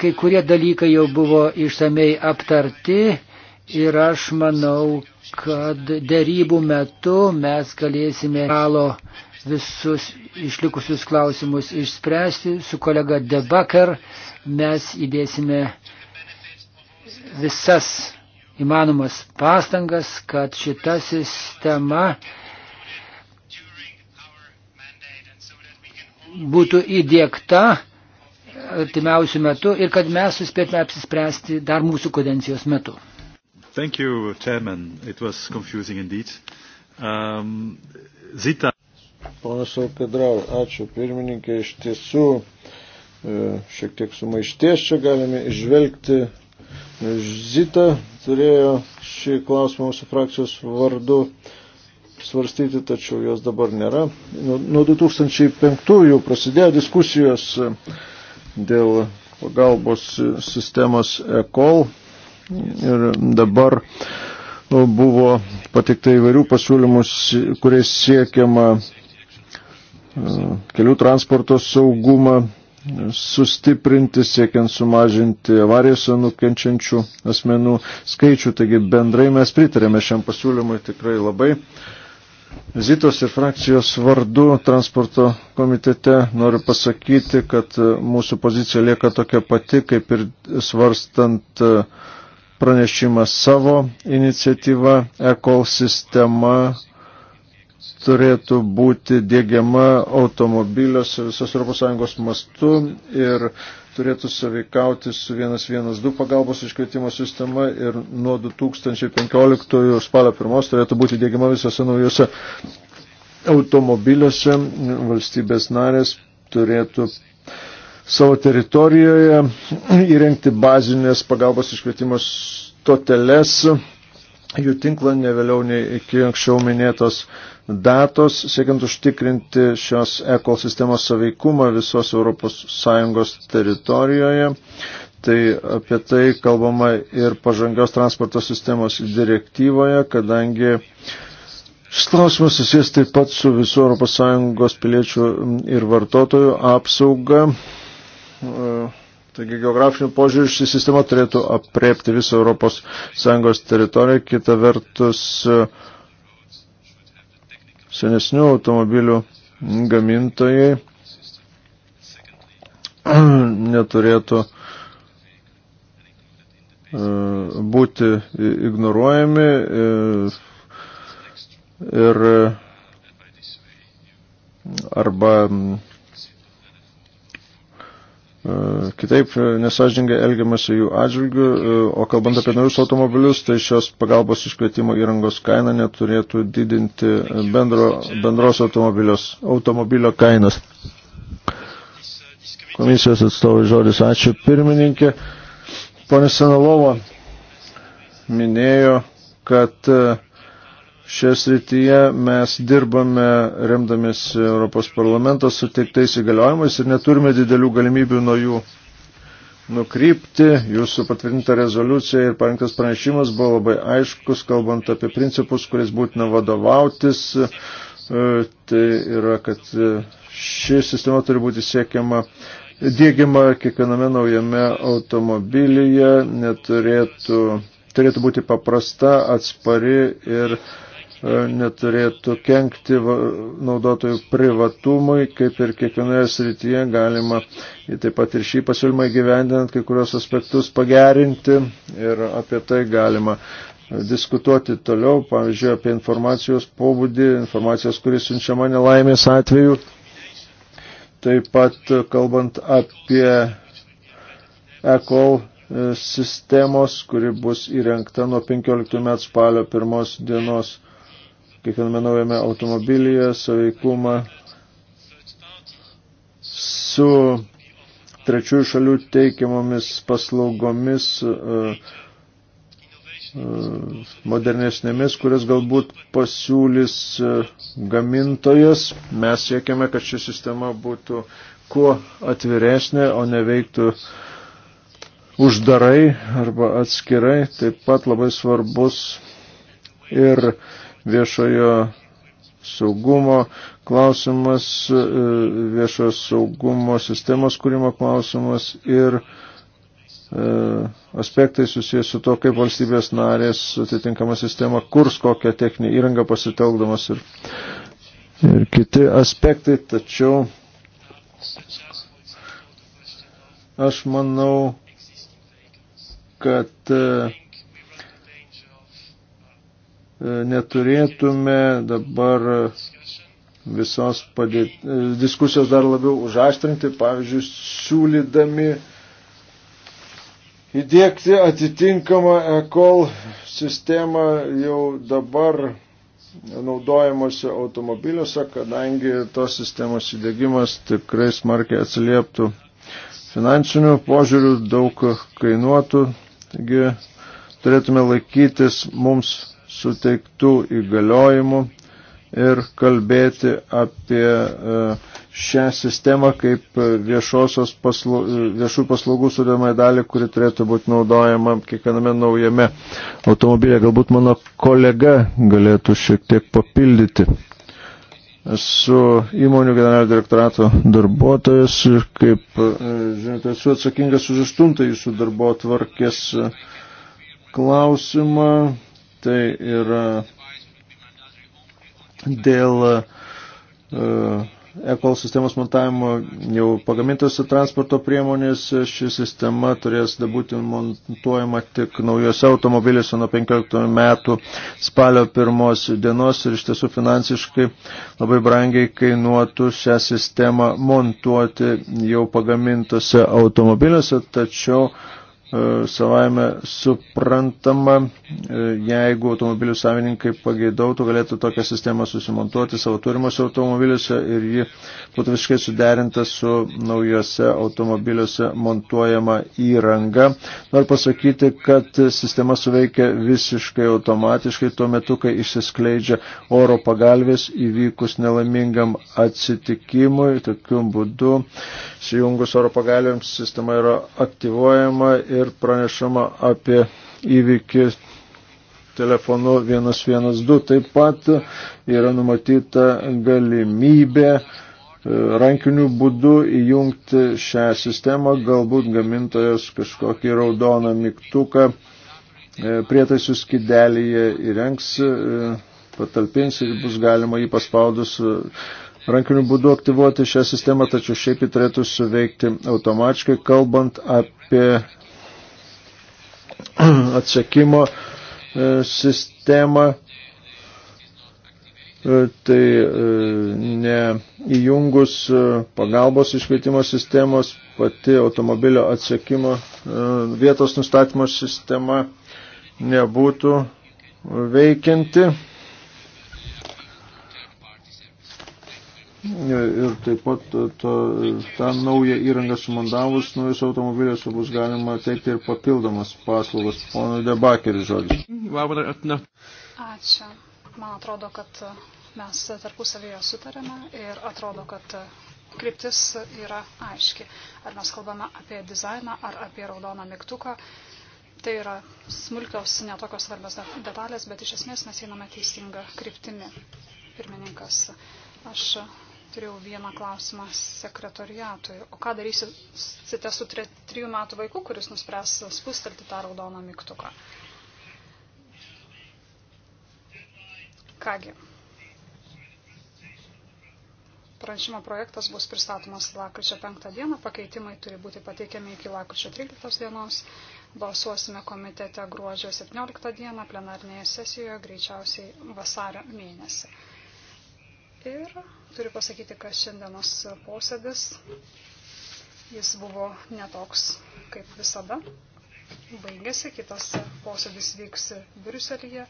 Kai kurie dalykai jau buvo išsamei aptarti ir aš manau, kad dėrybų metu mes galėsime galo visus išlikusius klausimus išspręsti. Su kolega Debaker mes įdėsime visas įmanomas pastangas, kad šita sistema būtų įdėkta artimiausių metų ir kad mes suspėtume apsispręsti dar mūsų kadencijos metu.
Thank you, Chairman. It was confusing indeed. Um,
Zita. Ponas Alkadrau, ačiū pirmininkė. Iš tiesų, e, šiek tiek sumaišties čia galime išvelgti. Zita turėjo šį klausimą mūsų frakcijos vardu svarstyti, tačiau jos dabar nėra. Nuo 2005 prasidėjo diskusijos e, dėl pagalbos e, sistemos ECOL ir dabar e, buvo patikta įvairių pasiūlymų, kuriais siekiama kelių transporto saugumą sustiprinti, siekiant sumažinti avarijose nukenčiančių asmenų skaičių. Taigi bendrai mes pritarėme šiam pasiūlymui tikrai labai. Uh, Zitos ir frakcijos vardu transporto komitete noriu pasakyti, kad e, mūsų pozicija lieka tokia pati, kaip ir svarstant e, pranešimą savo iniciatyvą. Ekol sistema turėtų būti dėgiama automobiliuose visos ES mastu ir turėtų saveikauti su 112 pagalbos iškvietimo sistema ir nuo 2015 spalio 1 turėtų būti dėgiama visose naujose automobiliuose. Valstybės narės turėtų savo teritorijoje įrengti bazinės pagalbos iškvietimo stoteles jų tinklą ne vėliau nei iki anksčiau minėtos datos, siekiant užtikrinti šios ekosistemos saveikumą visos ES teritorijoje. Tai apie tai kalbama ir pažangios transporto sistemos direktyvoje, kadangi Šis klausimas susijęs taip pat su visų ES piliečių ir vartotojų apsauga. Taigi geografinių požiūrį ši sistema turėtų apriepti visą ES teritoriją. Kita vertus, uh, senesnių automobilių gamintojai [CLEARS THROAT] neturėtų e, būti ignoruojami e, ir arba E, kitaip e, nesažininkai elgiamasi jų atžvilgių, e, o kalbant apie naujus automobilius, tai šios pagalbos iškvietimo įrangos kaina neturėtų didinti bendro, bendros automobilio kainos. Komisijos atstovai žodis, ačiū pirmininkė. Pone Senalova minėjo, kad uh, Šioje srityje mes dirbame remdamėsi Europos parlamento suteiktais įgaliojimais ir neturime didelių galimybių nuo jų nukrypti. Jūsų patvirtinta rezoliucija ir parinktas pranešimas buvo labai aiškus, kalbant apie principus, kuris būtina vadovautis. E, tai yra, kad e, ši sistema turi būti siekiama dėgiama kiekviename naujame automobilyje, neturėtų, turėtų būti paprasta, atspari ir E, neturėtų kenkti naudotojų privatumui, kaip ir kiekvienoje srityje galima taip pat ir šį pasiūlymą gyvendinant kai kurios aspektus pagerinti ir apie tai galima diskutuoti toliau, pavyzdžiui, apie informacijos pobūdį, informacijos, kuris siunčiama nelaimės atveju. Taip pat e, kalbant apie ECOL e, sistemos, kuri bus įrengta nuo 15 metų spalio pirmos dienos kiekviename naujame automobilyje saveikumą su trečiųjų šalių teikiamomis paslaugomis, e, e, modernesnėmis, kurias galbūt pasiūlys e, gamintojas. Mes siekiame, kad ši sistema būtų kuo atviresnė, o neveiktų uždarai arba atskirai. Taip pat labai svarbus ir uh, viešojo saugumo klausimas, e, viešojo saugumo sistemos kūrimo klausimas ir e, aspektai susijęs su to, kaip valstybės narės atitinkama sistema kurs kokią techninę įrangą pasitelkdamas ir, ir kiti aspektai, tačiau aš manau, kad uh, E, neturėtume dabar visos padėt, e, diskusijos dar labiau užaštrinti, pavyzdžiui, siūlydami įdėkti atitinkamą ECOL sistemą jau dabar naudojimuose automobiliuose, kadangi tos sistemos įdėgymas tikrai smarkiai atsilieptų finansinių požiūrių, daug kainuotų. Taigi turėtume laikytis mums suteiktų įgaliojimų ir kalbėti apie e, šią sistemą kaip viešosios paslu, viešų paslaugų sudėmai dalį, kuri turėtų būti naudojama kiekviename naujame automobilė. Galbūt mano kolega galėtų šiek tiek papildyti. Esu įmonių generalinio direktorato darbuotojas ir kaip, e, žinote, esu atsakingas už aštuntą jūsų darbo tvarkės e, klausimą Tai yra dėl ECOL sistemos montavimo jau pagamintos transporto priemonės. Ši sistema turės būti montuojama tik naujose automobiliuose nuo 15 metų spalio pirmos dienos ir iš tiesų finansiškai labai brangiai kainuotų šią sistemą montuoti jau pagamintose automobiliuose, tačiau uh, E, savaime suprantama, e, jeigu automobilių savininkai pageidautų, galėtų tokią sistemą susimontuoti savo turimuose automobiliuose ir ji būtų visiškai suderinta su naujose automobiliuose montuojama įranga. Noriu pasakyti, kad sistema suveikia visiškai automatiškai tuo metu, kai išsiskleidžia oro pagalvės įvykus nelaimingam atsitikimui. Tokiu būdu, sujungus oro pagalvėms, sistema yra aktyvuojama ir ir pranešama apie įvykį telefonu 112. Taip pat yra numatyta galimybė e, rankiniu būdu įjungti šią sistemą, galbūt gamintojas kažkokį raudoną mygtuką e, prietaisų skidelyje įrengs, e, patalpins ir bus galima jį paspaudus rankiniu būdu aktyvuoti šią sistemą, tačiau šiaip ji turėtų suveikti automatiškai, kalbant apie [CLEARS THROAT] atsekimo e, sistemą, e, tai e, neįjungus pagalbos iškvietimo sistemos, pati automobilio atsekimo vietos nustatymo sistema nebūtų veikianti. ir taip pat to, tą naują įrangą sumandavus naujus automobiliuose bus galima teikti ir papildomas paslaugas. Pono Debakeris žodis.
Ačiū. Man atrodo, kad mes tarpusavėje sutarėme ir atrodo, kad kryptis yra aiški. Ar mes kalbame apie dizainą ar apie raudoną mygtuką. Tai yra smulkios, netokios svarbios detalės, bet iš esmės mes einame teisinga kryptimi. Pirmininkas, aš Turėjau vieną klausimą sekretoriatui. O ką darysite su tre, trijų metų vaiku, kuris nuspręs spustelti tą raudoną mygtuką? Kągi. Pranešimo projektas bus pristatomas lakryčio 5 dieną, pakeitimai turi būti pateikiami iki lakryčio 13 dienos, balsuosime komitete gruodžio 17 dieną, plenarnėje sesijoje greičiausiai vasario mėnesį. Ir turiu pasakyti, kad šiandienos posėdis, jis buvo netoks kaip visada. Baigėsi, kitas posėdis vyks Briuselėje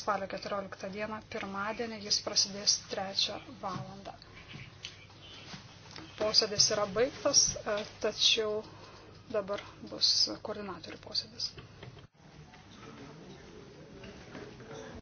spalio 14 dieną, pirmadienį jis prasidės 3 valandą. Posėdis yra baigtas, tačiau dabar bus koordinatorių posėdis.